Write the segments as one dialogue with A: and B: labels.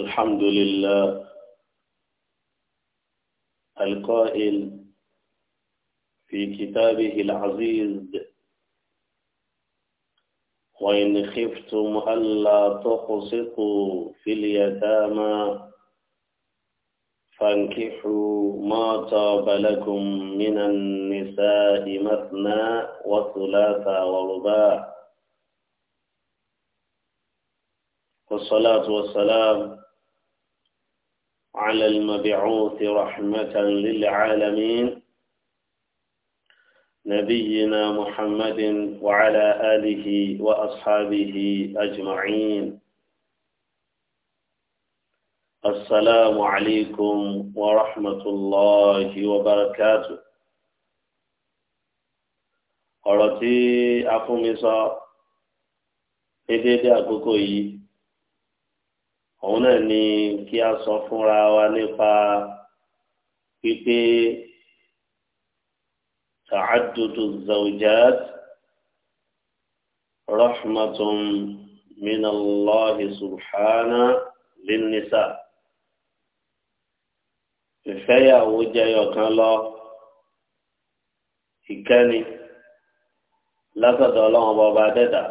A: الحمد لله القائل في كتابه العزيز وإن خفتم ألا تقسطوا في اليتامى فانكحوا ما طاب لكم من النساء مثنى وثلاث ورباع والصلاة والسلام على المبعوث رحمة للعالمين نبينا محمد وعلى آله وأصحابه أجمعين السلام عليكم ورحمة الله وبركاته ọ̀rọ̀ أقوم إذا إذا أقوم òun náà ni kí a sọ fúnra wa nípa pípé ta'addudu zawjat rahmatun min Allahi subhana lin nisa ìfẹ́yàwó jẹyọ kan lọ ìkẹ́ni látọ̀dọ̀ ọlọ́run ọba dẹ́dà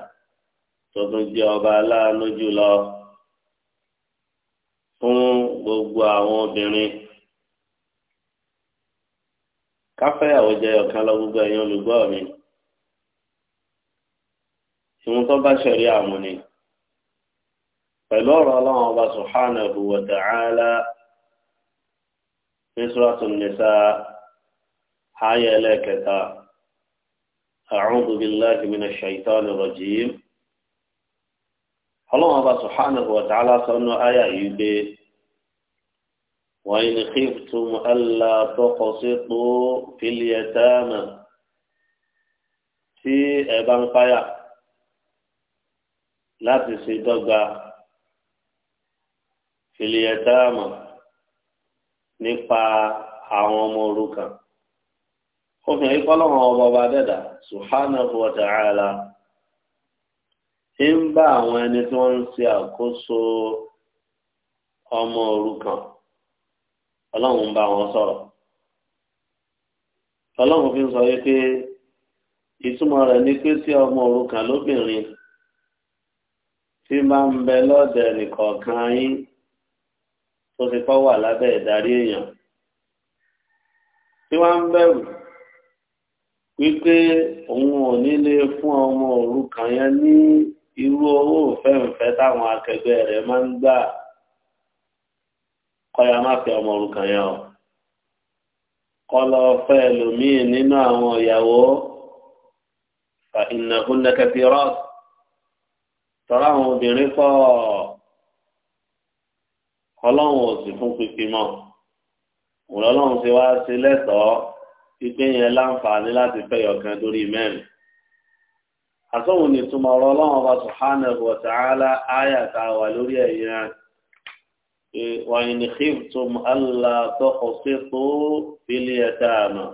A: tó tún jẹ́ ọba aláàánú jùlọ. gbogbo àwọn obìnrin káfẹ́yàwó jẹ́ ọ̀kan gbogbo olùgbọ́ mi ìwọ̀n tó bá ṣẹ̀rí àmú ni pẹ̀lú ọ̀rọ̀ ọlọ́run ọba subhanahu wa ta'ala ní suratul ayé ẹlẹ́kẹta a'udhu billahi minash shaitani rajim ọlọ́run ọba subhanahu wa ta'ala sọ́nù ayé yìí وإن خفتم ألا تقسطوا في اليتامى tí ẹ bá ń páyà láti ṣe dọ́gba fìlìyẹ̀tàmà nípa àwọn ọmọ òrukàn. Òfin yìí kọ́lọ́hàn ọba ọba dẹ́dà Subhanahu wa ta'ala ti ń bá àwọn ẹni tí wọ́n ń ṣe àkóso ọmọ òrukàn ọlọ́run ń bá wọn sọ̀rọ̀ ọlọ́run fi ń sọ wípé ìtumọ̀ rẹ̀ ni pé tí ọmọ òrukàn lóbìnrin tí máa ń bẹ lọ́dẹ̀ nìkọ̀ọ̀kan yín tó ti kọ́ wà lábẹ́ ìdarí èèyàn tí wọ́n ń bẹ̀rù wípé òun ò ní lè fún ọmọ òrukàn yẹn ní irú owó òfẹ́ǹfẹ́ táwọn akẹgbẹ́ rẹ̀ máa ń gbà kọ́ya má fẹ́ ọmọ òrukàn yẹn o kọ́lọ́ fẹ́ lòmíì nínú àwọn ìyàwó fa ìnàkúnnà kẹfìrọ́ tọ́lá àwọn obìnrin kọ́ ọlọ́run ò sì fún pípi mọ́ òun lọ́lọ́run ti wá sí lẹ́tọ̀ọ́ pípé yẹn láǹfààní láti fẹ́ yọ̀kan lórí mẹ́rin àtọ́wò ní ìtumọ̀ ọ̀rọ̀ ọba subhanahu wa ta'ala áyà wà lórí ẹ̀yìn rẹ̀. وإن خفتم ألا تقسطوا في اليتامى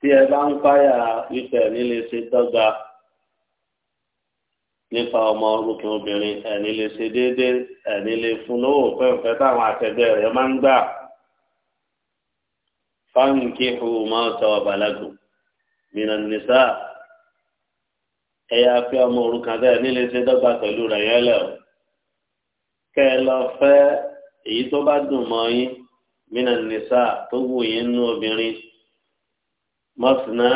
A: tí ẹ bá ń fáyà ìfẹ́ nílé ṣe dọ́gba nípa ọmọ orúkún obìnrin ẹni lè ṣe déédéé ẹni lè fún lówó pẹ́ǹpẹ́ táwọn àtẹ̀gbẹ́ rẹ̀ máa ń gbà fáǹkì ìhùwù máa ń sọ mìíràn nìṣá ẹ̀yà fi ọmọ orúkún abẹ́rẹ́ nílé ṣe dọ́gba pẹ̀lú rẹ̀ yẹn lẹ́wọ̀ kẹ́ ẹ lọ fẹ́ èyí tó bá dùn mọ́ yín mina nisa tó wù yín nú obìnrin mọ́sánná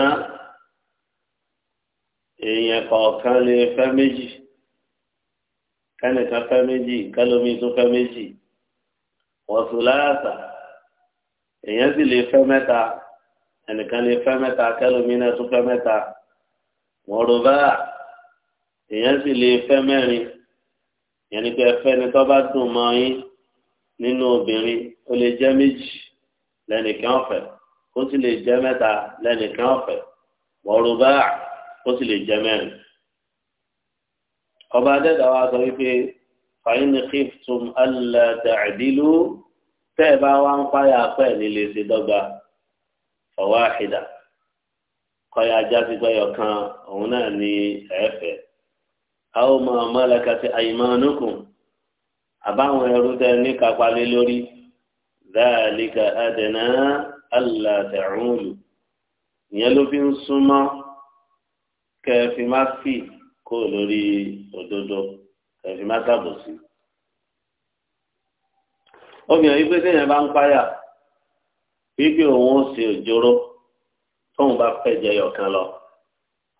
A: èèyàn kọ̀ọ̀kan lè fẹ́ méjì kẹ́nìkan fẹ́ méjì kẹ́lómi tó fẹ́ méjì wọ̀sùláyàtà èèyàn sì lè fẹ́ mẹ́ta ẹnìkan lè fẹ́ mẹ́ta kẹ́lómi náà tó fẹ́ mẹ́ta mọ̀rọ̀bá èèyàn sì lè fẹ́ mẹ́rin yẹn ni pé ẹfẹ́ ni tó bá dùn mọ́ yín nínú obìnrin ó lè jẹ́ méjì lẹ́nìkan ọ̀fẹ́ ó sì lè jẹ́ mẹ́ta lẹ́nìkan ọ̀fẹ́ wọ́rùbá ó sì lè jẹ́ mẹ́rin. ọba adẹ́dàá wa sọ wípé fàyín ní kíftùm allah tẹ́ ẹ bá wá ń páyà pẹ́ nílé ṣe dọ́gba ọ̀wá àṣìdá kọ́ya ajá kan òun náà ní ẹ̀ẹ́fẹ̀ẹ́ àwọn ọmọ amalakati àyìmánukùn àbáwọn ẹrú tẹ ní kápálẹ lórí dáàlíkà àdènà alàtẹrùnlù ìyẹn ló fi ń súnmọ́ kẹfì má fì kó lórí òdodo kẹfì má sàbòsí. obìnrin yìí pé téèyàn bá ń páyà wípé òun ó ṣe òjòrò tóun bá fẹ́ jẹyọ̀ kan lọ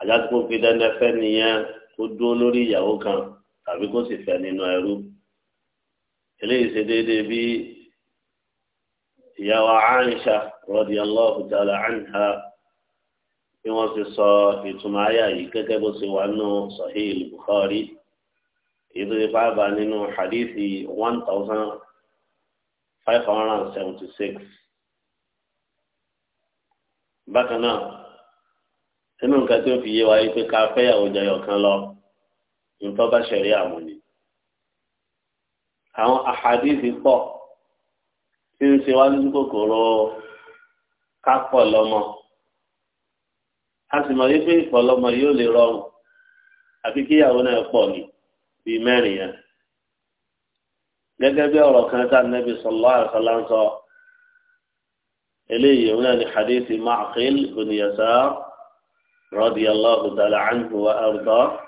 A: àjàgbó fi dandan nìyẹn kó dúró lórí ìyàwó kan tàbí kó sì fẹ́ nínú ẹrú eléyìí ṣe déédéé bí ìyàwó Aisha radiyallahu ta'ala anha bí wọ́n ti sọ ìtumọ̀ àyà yìí gẹ́gẹ́ bó ṣe wà nínú Sahih Bukhari èyí pàápàá nínú hadithi one thousand five hundred and seventy six bákan náà nínú nǹkan tí ó fi yé wa yìí pé ká fẹ́yàwó jẹyọ kan lọ nǹkan bá ṣẹ̀rí àwọn ni. àwọn àhàdìsí pọ̀ tí ń ṣe wá lójú kòkòrò kápọ̀ lọ́mọ. a sì mọ̀ wípé ìfọ̀lọ́mọ yóò lè rọrùn àfi kíyàwó náà pọ̀ ni bíi mẹ́rin yẹn. gẹ́gẹ́ bí ọ̀rọ̀ kan tá a nẹ́bi sallallahu alaihi wasallam sọ eléyìí òun náà ni hadith Ma'qil bin Yasar. رضي الله تعالى عنه وأرضاه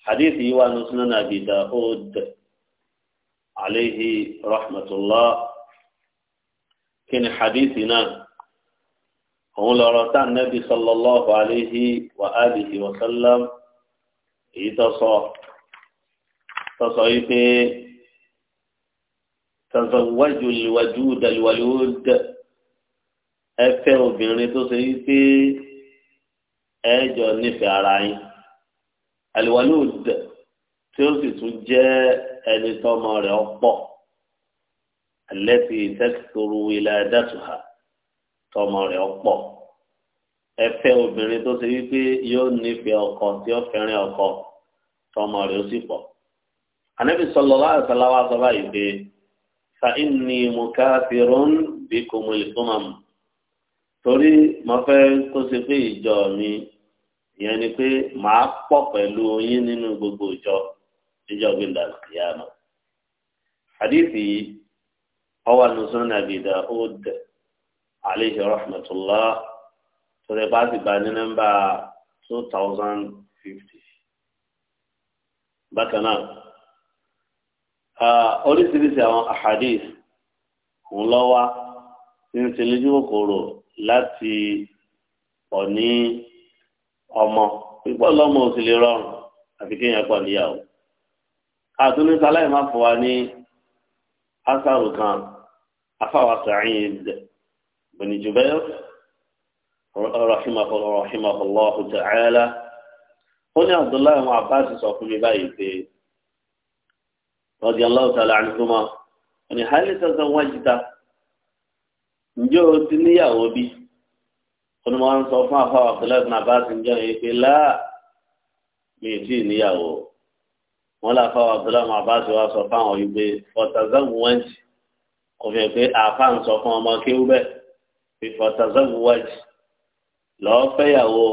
A: حديث يوان سنن أبي داود عليه رحمة الله كان حديثنا هو لرطع النبي صلى الله عليه وآله وسلم يتصى تصيفه تزوج الوجود alwalud ẹ بين obìnrin ẹ jọ nífẹ̀ẹ́ ara yín àlùwalúùd tí ó sì tún jẹ́ ẹni tọ́mọ rẹ̀ ọ̀pọ̀ alẹ́tì tẹ́kítọ́rù ilẹ̀ dàtúhà tọ́mọ rẹ̀ ọ̀pọ̀ ẹfẹ́ obìnrin tó ṣe wípé yóò nífẹ̀ẹ́ ọkọ tí ó fẹ́ràn ọkọ tọ́mọ rẹ̀ ó sì pọ̀ anabi sallallahu alaihi wasallam sọ báyìí pé fa inni mukafirun bikumul umam torí mo fẹ́ kó ṣe pé ìjọ mi ìyẹn ni pé màá pọ̀ pẹ̀lú yín nínú gbogbo ìjọ ìjọ gbẹ̀ndà kìyàmù. hadithi ọwọ́ nùsùn nàbì Daud alayhi rahmatullah tọ́lẹ̀ bá ti bá ní nọ́mbà two thousand fifty. bákan náà oríṣiríṣi àwọn ahadith ń lọ́wọ́ tí ń ṣe lójú kòkòrò láti òní. ọmọ pípọ̀ lọ́mọ ò lè rọrùn àfi kéèyàn pọ̀ níyàwó. àtúndì sáláì má fọ ní asaru kan afáwa Sa'id bin Jubair rahimahullahu ta'ala ó ní Abdullahi ibn Abbas sọ fún mi báyìí pé radiyallahu hali o ti níyàwó bíi. onímọ̀ ń sọ fún àfáà Abdullahi bin Abbas ń jẹ́ òye pé láà mi ì tíì níyàwó wọn là fáwọn Abdullahi bin Abbas wa sọ fáwọn yìí pé fọtàzẹ́wù wẹ́ǹtì kò fi hàn pé àáfàá ń sọ fún ọmọ kéwú bẹ́ẹ̀ fi fọtàzẹ́wù wẹ́ǹtì lọ́ọ́ fẹ́yàwó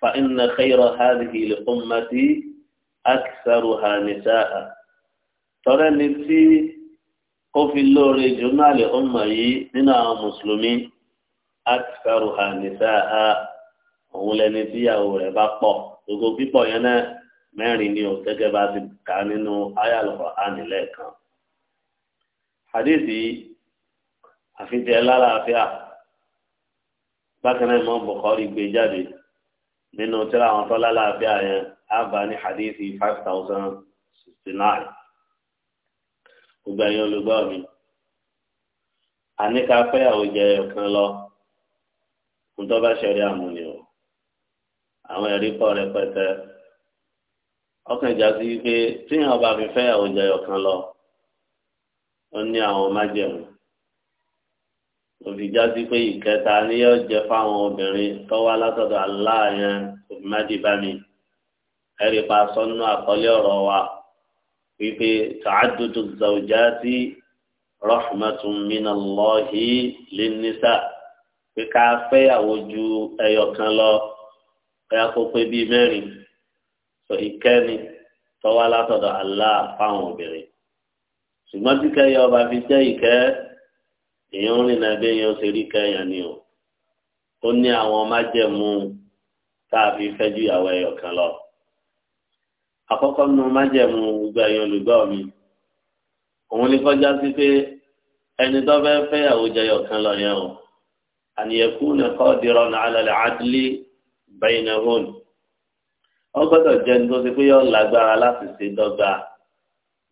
A: fa inna khayra hadhihi l-ummati aksaruha nisaa tọ́rẹ́ni tí ó lóore jùlọ náà lè ọmọ yìí nínú àwọn mùsùlùmí akitaruha nisaa òun lẹni tíyàwó rẹ̀ bá pọ̀ gbogbo pípọ̀ yẹn náà mẹ́rin ni o gẹ́gẹ́ bá ti kà nínú ayálùkọ ánilẹ kan hadithi àfijẹ lálàáfíà bákan náà mọ bọkọrí gbé jáde nínú tíra àwọn tó lálàáfíà yẹn á bá ní hadithi five thousand sixty nine gbogbo ẹ̀yin olùgbọ́ mi àníkà fẹ́yàwó jẹ lọ kó tó bá ṣẹlẹ̀ àmúni o àwọn ẹ̀rí pọ̀ rẹpẹtẹ ọkàn ìjà sí pé tíyàn bá fi fẹ́ oúnjẹ ọ̀kan lọ ó ní àwọn májẹ̀mú òfìjà sí pé ìkẹta ni yóò jẹ fáwọn obìnrin tó wá látọ̀dọ̀ aláàyàn òfìmádìbámi ẹ̀rí pa sọ́nù àkọlé ọ̀rọ̀ wa wípé tàádùdù zàwùjá sí rahmatun minallahi linnisa pé ká fẹ́yàwó ju ẹyọ kan lọ bóyá kó pé bíi mẹ́rin sọ ìkẹ́ni tọ́wá látọ̀dọ̀ Allah fáwọn obìnrin ṣùgbọ́n tí kẹ́yẹ ọba fi jẹ́ ìkẹ́ èèyàn ń rìn nàbẹ́ yẹn ó ṣe rí kẹ́yàn ni o ó ní àwọn májẹ̀mú tá a fi fẹ́ ju ìyàwó ẹyọ kan lọ àkọ́kọ́ nínú májẹ̀mú gbogbo ẹ̀yàn olùgbọ́ mi òun ni kọjá sí pé ẹni tó fẹ́ fẹ́yàwó jẹyọ kan lọ yẹn o. أن يكون قادرا على العدل بينهم. wọ́n gbọ́dọ̀ jẹ́ ní tó ti pé yọ lágbára láti ṣe dọ́gba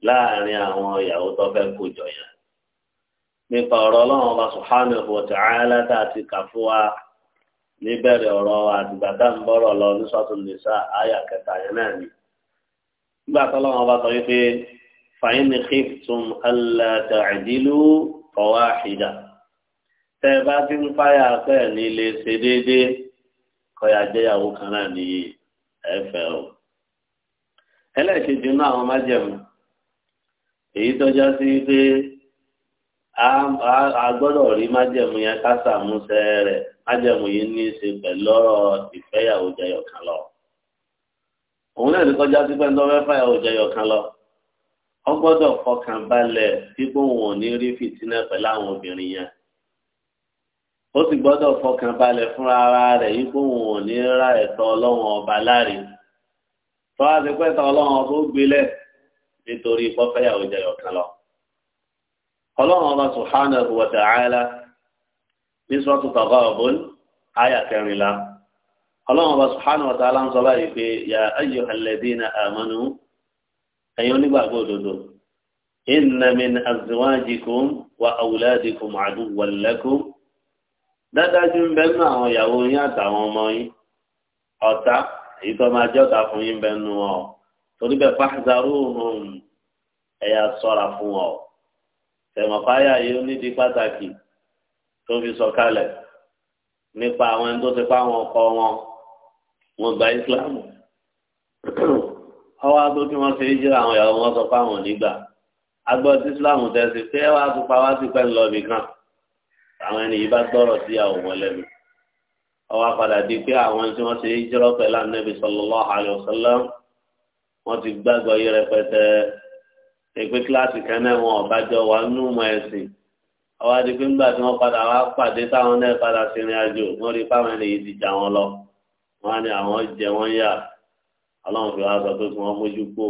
A: láàrin àwọn ìyàwó tó fẹ́ kó jọ yẹn nípa ọ̀rọ̀ ọlọ́run ọba subhanahu wa ta'ala tá a ti kà fún wa níbẹ̀rẹ̀ ọ̀rọ̀ àtìgbà tá à ń bọ̀rọ̀ lọ ní suratul nisa àyà kẹta yẹn náà ni nígbà tó ọlọ́run ọba sọ wípé fa in khiftum alla ta'dilu fawahida. tẹ ẹ bá ti ń fáyà pẹ ní ilé ṣe déédéé kọyà jẹyàwó kan náà ní ẹfẹ o ẹlẹ́ẹ̀kejì náà àwọn májẹ̀mú èyí tọ́já sí pé a gbọ́dọ̀ rí májẹ̀mú yẹn ká ṣàmúṣẹ rẹ̀ májẹ̀mú yìí ní í ṣe pẹ̀lú ọ̀rọ̀ ìfẹ́yàwó jẹyọ̀ kan lọ. òun náà ti kọjá sí pé ń tọ́wẹ́ jẹyọ̀ kan lọ. wọ́n gbọ́dọ̀ fọkàn balẹ̀ bí bóun ò ní rí fìtínà pẹ̀lú àwọn obìnrin yẹn ó sì gbọ́dọ̀ fọkàn balẹ̀ fúnra ara rẹ̀ yìí kó wọn ò ní ra ẹ̀tọ́ ọlọ́run ọba láre tọ́wá ti pẹ́ tọ́ ọlọ́run ọba ó gbilẹ̀ nítorí pọ́fẹ́yàwó jẹyọ̀ kan lọ. ọlọ́run ọba subhanahu wa ta'ala ní sọ́tù Taghabun áyà kẹrìnlá ọlọ́run ọba subhanahu wa ta'ala ń sọ báyìí pé ya ayyuhal ladina ẹ̀yin onígbàgbọ́ òdodo inna min azwajikum wa awladikum aduwwan dádájú ń bẹ nínú àwọn ìyàwó yín àtàwọn ọmọ yín ọ̀tá èyí tó máa jẹ́ ọ̀tá fún yín ń bẹ nínú wọn o torí bẹ́ẹ̀ fáṣítàrú òun ẹ̀yà sọ̀ra fún wọn o tẹ̀mọ̀fáyà yìí ó nídìí pàtàkì tó fi sọ kalẹ̀ nípa àwọn ẹni tó ti pa àwọn ọkọ wọn wọn gba ìsìláàmù ọwọ́ àti kí wọ́n ṣe é jíra àwọn ìyàwó wọn sọ fáwọn onígbà agbọ́dọ̀ ìsìláàmù tẹ̀sí pé ẹ wá tó pa wá sí pẹ́ ńlọ àwọn ẹni yìí bá gbọ́rọ̀ sí àwọn wọn lẹ́nu ọwọ́ apàdà di pé àwọn tí wọ́n ṣe jírọ́ pẹ̀lú ànábì sallallahu alaihi wasallam wọ́n ti gbàgbọ́ yí rẹpẹtẹ èpè kíláàsì kan náà wọn ọ̀bá jọ wà nínú mọ ẹ̀sìn ọwọ́ adi pé ńgbà tí wọ́n padà wá pàdé táwọn náà padà sí ìrìn àjò wọ́n rí fáwọn ẹni yìí ti jà wọn lọ wọ́n á ní àwọn jẹ wọ́n yà ọlọ́run fi wá sọ pé kí wọ́n mójú kó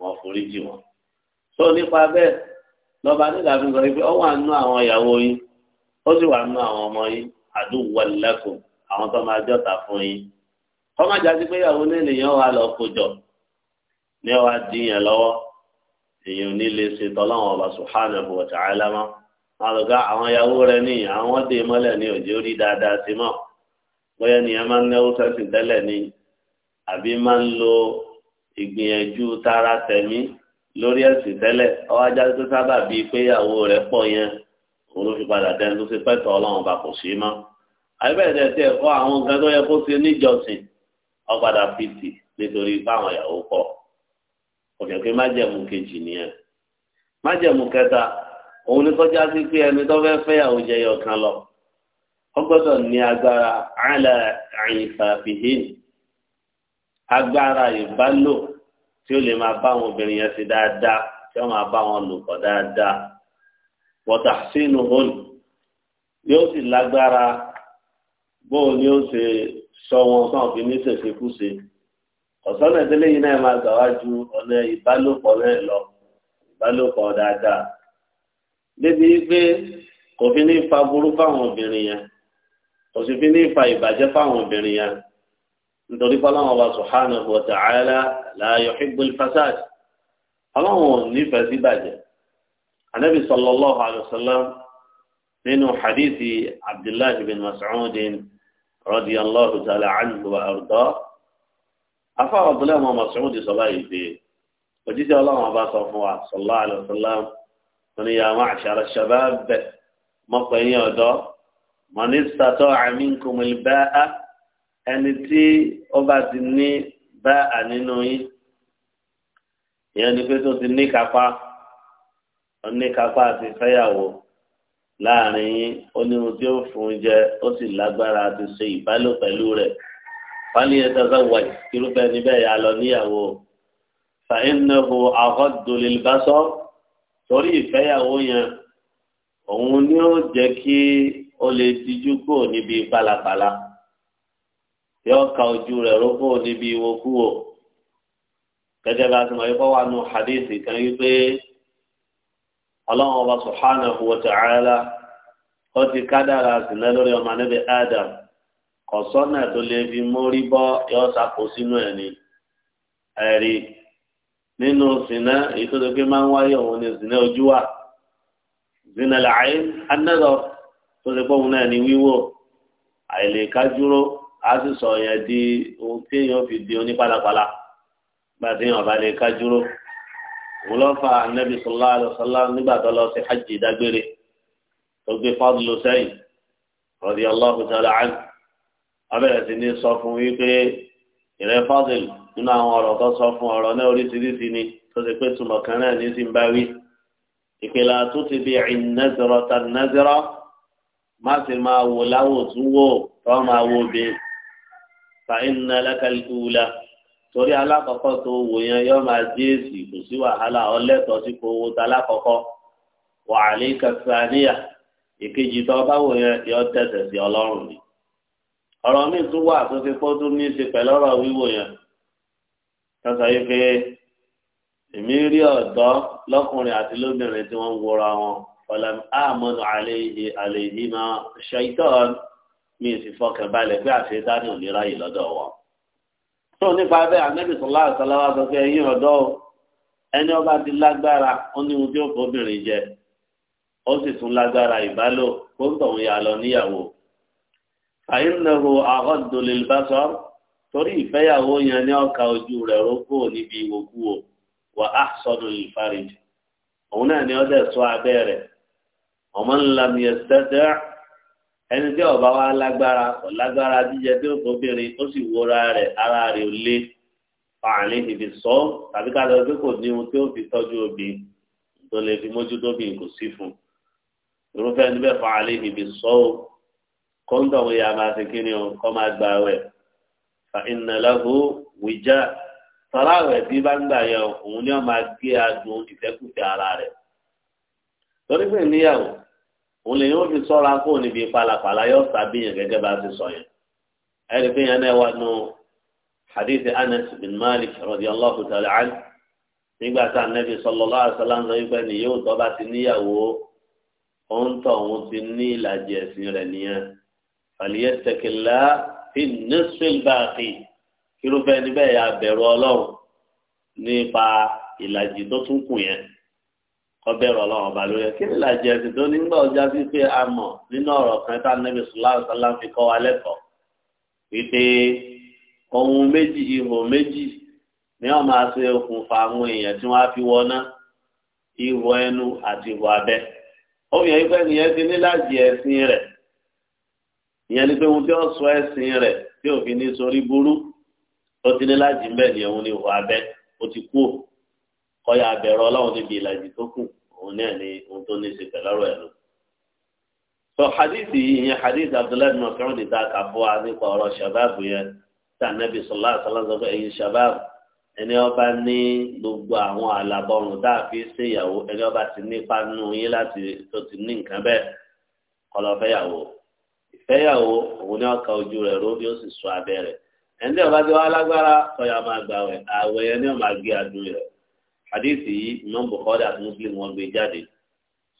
A: wọ́n foríjì wọn. tó nípa bẹ́ẹ̀ lọ́ba nígbà fi sọ ó sì wà nínú àwọn ọmọ yìí àdúgbò lẹ́kọ̀ọ́ àwọn tó máa jọ́ta fún yín kọ́má jáde pé ìyàwó ní ènìyàn wà lọ kójọ ní ọwá dín lọ́wọ́ èèyàn ní ṣe tọ́lọ́wọ́n ọba subhanahu wa ta'ala mọ́ àlùkà àwọn ìyàwó rẹ ní àwọn dè mọ́lẹ̀ ní òjò rí dáadáa sí mọ́ bóyá nìyẹn máa ń náwó sẹ́sìn tẹ́lẹ̀ ni àbí máa ń lo ìgbìyànjú tara tẹ̀mí lórí ẹ̀sìn tẹ́lẹ̀ ọwọ́ tó sábà bíi pé ìyàwó rẹ pọ̀ yẹn òun ló fi padà dẹni tó ṣe pẹ́tọ̀ ọlọ́run bá kò sí mọ́ àbẹ̀rẹ̀ tẹ̀ kọ́ àwọn nǹkan tó yẹ kó ṣe níjọsìn ọ̀padà fìtì nítorí báwọn ìyàwó kọ́ ọ̀jọ̀ pé májẹ̀mú kejì nìyẹn májẹ̀mú kẹta òun ni kọjá sí pé ẹni tó fẹ́ fẹ́yàwó jẹyọ kan lọ ó gbọ́dọ̀ ní agbára àlẹ́ àyìnfàfihìn agbára ìbálò tí ó lè máa bá àwọn obìnrin yẹn ṣe dáadáa tí ó máa bá wọn lò pọ̀ dáadáa wọ́tà sínú hónì yóò sì lágbára bóun ni ó ṣe sọ wọn sàn fi ní ṣèṣekúṣe ọ̀sán ẹ̀dẹ́lẹ́ yìí náà máa gbà wá ju ọ̀nà ìbálòpọ̀ náà lọ ìbálòpọ̀ dáadáa débi pé kò fi ní fa burú fáwọn obìnrin yẹn kò sì fi ní fa ìbàjẹ́ fáwọn obìnrin yẹn nítorí fọláwọn ọba subhanahu wa ta'ala la yuhibbul fasad ọlọ́run ò nífẹ̀ẹ́ sí ìbàjẹ́ anabi sallallahu alayhi wa sallam nínú hadithi abdullahi bin mas'ud radiyallahu ta'ala anhu wa arda afa abdullahi bin mas'ud sọlá yìí pé òjijì ọlọ́run ọba sọ fún wa sallallahu alayhi wa sallam tóní ya ma'shara shabab bẹ mọ̀pẹ̀yìn ọ̀dọ́ man istata'a minkum al-ba'a ẹni tí ó bá ti ní báà nínú yín ìyẹn ni pé tó ti ní kápá oníkápá àti fẹ́yàwó láàrin yín ó ní ohun tí ó fún un jẹ ó sì lágbára àti ṣe ìbálò pẹ̀lú rẹ̀ fáníyẹn tẹ́sán wáyé irúfẹ́ níbẹ̀ yà lọ níyàwó fàínàbù àkọ́dùlélbásọ́ torí ìfẹ́yàwó yẹn òun ni ó jẹ́ kí ó lè tijú kò níbi pálapàla yóò ka ojú rẹ̀ rókò níbi ìwòkúwò gẹ́gẹ́ bá a ti mọ̀ yìí kọ́ wà nù hadith kan yìí pé ọlọ́run ọba subhanahu wa ta'ala ó ti kádàrà sílẹ̀ lórí ọmọ anábì adam kọ̀sọ́nà tó lè fi mórí bọ́ yọ sàkó sínú ẹ̀ ni ẹ̀rí nínú sinna èyí tó dọ́gbé máa ń wáyé òun ni sinna ojú wa zina làáyé anẹ́rọ tó ti pọ́hùn náà ni wíwò àìlèkájúró á sì sọ yẹn di ohun tí èèyàn fi di onípàlàpàlà gbàtí èèyàn bá lè kájúró wùlọ́fà anabi sọlá àlọ́sọlá nígbà tó lọ sí hajj dágbére tó gbé fadlu sẹ́yìn rọ̀dí aláhu tààlà án abẹ́rẹ́ sí ní sọ fún wípé ìrẹ́ fadlu nínú àwọn ọ̀rọ̀ tó sọ fún ọ̀rọ̀ náà oríṣiríṣi ni tó ti pé túmọ̀ kan náà ní sí ń bá wí ìpìlẹ̀ àtúntì bíi ìnẹ́zọ̀rọ̀ tà nẹ́zọ̀rọ̀ má sì máa wò láwò tó máa wò bí fa iná lákàlùkù la torí alákọ̀ọ́kọ́ tó wò yẹn yọ máa dé èsì kò sí wàhálà ọlẹ́tọ̀ sí kò wo ta alákọ̀ọ́kọ́ wà á lè kẹsà níyà ìkejì tó bá wò yẹn yọ tẹ̀sẹ̀ sí ọlọ́run ni. ọ̀rọ̀ míì tún wà tó fi kótó ní í ṣe pẹ̀lú ọ̀rọ̀ wíwò yẹn. kẹsàn yìí pé èmi rí ọ̀dọ́ lọ́kùnrin àti lóbìnrin tí wọ́n ń wọra wọn ọ̀làm àmọ́nù àlejì àlejì máa ṣàìtọ́ mi sì tó nípa bẹ́ẹ̀ anabi sọlá àtàlà wa sọ pé ẹ̀yin ọ̀dọ́ o ẹni ọba ti lágbára ó ní ohun tí ó kọ obìnrin jẹ ó sì tún lágbára ìbálò kó ń tọ̀hún yà lọ níyàwó. fàyínnahu àhọ́dọ̀lẹ́lbásọ́ torí ìfẹ́yàwó yẹn ní ọkà ojú rẹ̀ rókò níbi ìwòkúwò wà á sọdún ìfarij òun náà ni ọdẹ sọ abẹ́ rẹ̀ ọmọ ńlá mi ẹ̀ sẹ́dẹ̀ẹ́ ẹni tí ọba wa lágbára kò lágbára jíjẹ tí ó tó béèrè ó sì wọra rẹ̀ ara rẹ̀ ò lé fàánì ìfi sọ tàbí ká lọ pé kò ní ohun tí ó fi tọ́jú obì tó lè fi mójútó bí kò sí fún irúfẹ́ níbẹ̀ fàánì ìfi sọ o kọ́ńtọ̀ wo ya máa ṣe kíni o kọ́ máa gba ẹ̀ fa ìnàlágó wìjà sọ́láwẹ̀ tí bá ń gbà yẹ òun ni wọ́n máa gé adùn ìfẹ́kùfẹ́ ara rẹ̀ torí pé níyàwó òun lè yóò fi sọ́ra kó níbi palapàla yóò sàbíyàn gẹ́gẹ́ bá ti sọ yẹn ẹ̀rí fi yẹn náà wà nù hadith anas bin malik radiyallahu ta'ala anhu nígbà tá anabi sallallahu alaihi wasallam sọ wípé ni yóò tọ́ bá ti níyàwó òun tọ̀ òun ti ní ìlàjì ẹ̀sìn rẹ̀ nìyẹn fàlíyẹ́tẹ̀kìlá fi nísìl báàkì kírúfẹ́ níbẹ̀ yà bẹ̀rù ọlọ́run nípa ìlàjì tó tún kù yẹn kọbẹ̀rọ̀ ọlọ́run ọba lórí ẹ̀ kí ni làjẹ́ ẹ̀sìn tó nígbà ọjà sí pé a mọ̀ nínú ọ̀rọ̀ kan tá nẹ́bí sùláàrù sálá fi kọ́ wa lẹ́kọ̀ọ́ wípé ohun méjì ihò méjì ni wọ́n máa ṣe okùnfà àwọn èèyàn tí wọ́n á fi wọná ihò ẹnu àti ihò abẹ́ ohun yẹn pé nìyẹn ti ní làjẹ́ ẹ̀sìn rẹ̀ ìyẹn ni pé ohun tí ó sọ ẹ̀sìn rẹ̀ tí òfin ní sorí burú ó ti ní làjẹ́ mbẹ́ ni òun ni ihò abẹ́ ó ti kú kọ́yà abẹ́rẹ́ ọlọ́run níbi ìlàjì tó kù òun náà ni ohun tó ní í ṣe pẹ̀lọ́rọ̀ ẹ̀ lọ. sọ hadith yìí ìyẹn hadith abdullahi bin ọ̀fẹ́rún ti dáa kà fún wa nípa ọ̀rọ̀ ṣàbáàbù yẹn tí ànábì sọlá sọlá pé ẹ̀yin ṣàbáàbù ẹni ọba ní gbogbo àwọn àlàbọ̀rùn tá a fi ṣe ìyàwó ẹni ọba ti nípa nù yín láti tó ti ní nǹkan bẹ́ẹ̀ kọlọ́fẹ́yàwó ìfẹ́yàwó òun ní ọkà ojú rẹ̀ ró bí ó sì sọ abẹ́rẹ́ ẹni ọba ti wá lágbára ọ̀yà máa gbà wẹ̀ àwẹ̀ yẹn ni máa gé adùn rẹ̀ hadithi yìí imam bukhari àti muslim wọ́n gbé jáde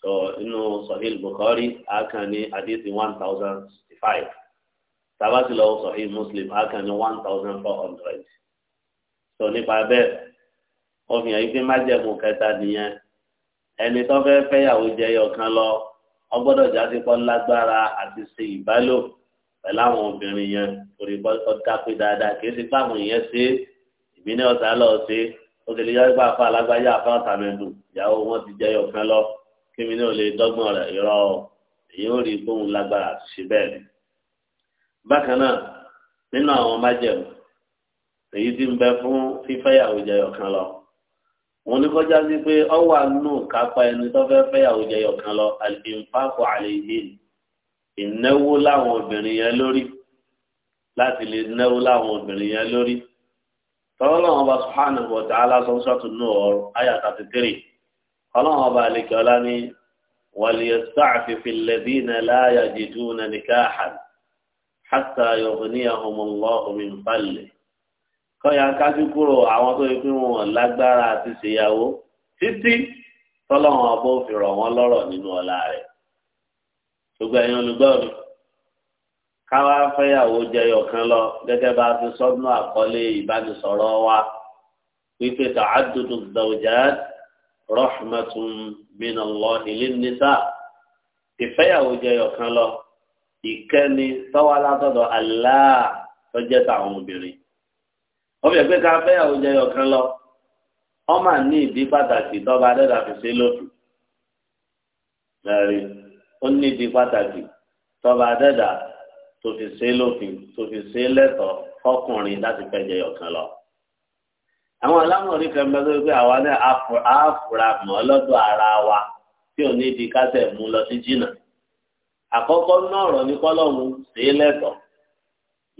A: sọ inú Sahil bukhari àkàn ní hadithi one thousand five tabasi lọ sahih muslim àkàn ní one thousand four hundred sọ nípa bẹ́ẹ̀ wọ́n fi hàn yìí pé májẹ̀mú kẹta nìyẹn ẹni tó fẹ́ fẹ́yàwó jẹyọ kan lọ wọ́n gbọ́dọ̀ jáde kọ́ lágbára àti ṣe ìbálò pẹ̀lú àwọn obìnrin yẹn torí kọ́ dápé dáadáa kì í ṣe pé àwọn ṣe ìbínú ọ̀sán lọ ṣe ó sì lè yọ ipa afa alágbáyé afa tàmẹ́dù ìyàwó wọn ti jẹ́ ọ̀kan lọ kí mi náà lè dọ́gbọ́n rẹ̀ irọ́ èyí ó rí gbóhùn lágbára àti ṣe bẹ́ẹ̀ ni. bákan náà nínú àwọn májẹ̀mú èyí tí ń bẹ fún fífẹ́yàwó jẹyọ kan lọ wọn ní kọjá sí pé ọwọ́ àánú kápá ẹni tó fẹ́ fẹ́yàwó jẹyọ kan lọ àlìfáàfọ àlèyé ìnáwó láwọn obìnrin yẹn lórí láti lè náwó láwọn obìnrin yẹn lórí tọ́lọ́ ọba subhanahu wa ta'ala sọ́nsọ́tù nùr ayà tàbí tírì ọlọ́run ọba àlekè ọlá ní وليستعفف الذين لا يجدون نكاحا حتى الله من فضله kọ́ya kájú kúrò àwọn tó yẹ kí wọ́n lágbára àti ṣèyàwó títí tọ́lọ́run ọba ò fi rọ̀ wọ́n lọ́rọ̀ nínú ọlá rẹ̀ gbogbo káwá fẹ́yàwó jẹyọ kan lọ gẹ́gẹ́ bá a ti sọ́nù àkọlé ìbánisọ̀rọ̀ wa wípé ta'addudu zawjat rahmatun minallahi linnisa ìfẹ́yàwó jẹyọ kan lọ ìkẹ́ni tọ́wọ́ látọ̀dọ̀ Allah tọ́jẹ́ táwọn obìnrin. wọ́n fi ẹgbẹ́ ká fẹ́yàwó jẹyọ kan lọ wọ́n máa ní ìdí pàtàkì tọ́ba adẹ́dà fi ṣe lòdù. ó ní ìdí pàtàkì tọ́ba adẹ́dà tó fi ṣe é lófin tó fi ṣe é lẹ́tọ̀ọ́ fọkùnrin láti fẹ́ jẹyọ kan lọ. àwọn alámọ̀rí kan bẹ tó pé àwa náà á fura mọ́ lọ́dọ̀ ara wa tí ò ní di kásẹ̀ mú lọ sí jìnnà. àkọ́kọ́ náà ọ̀rọ̀ ní kọ́lọ́mù ṣe é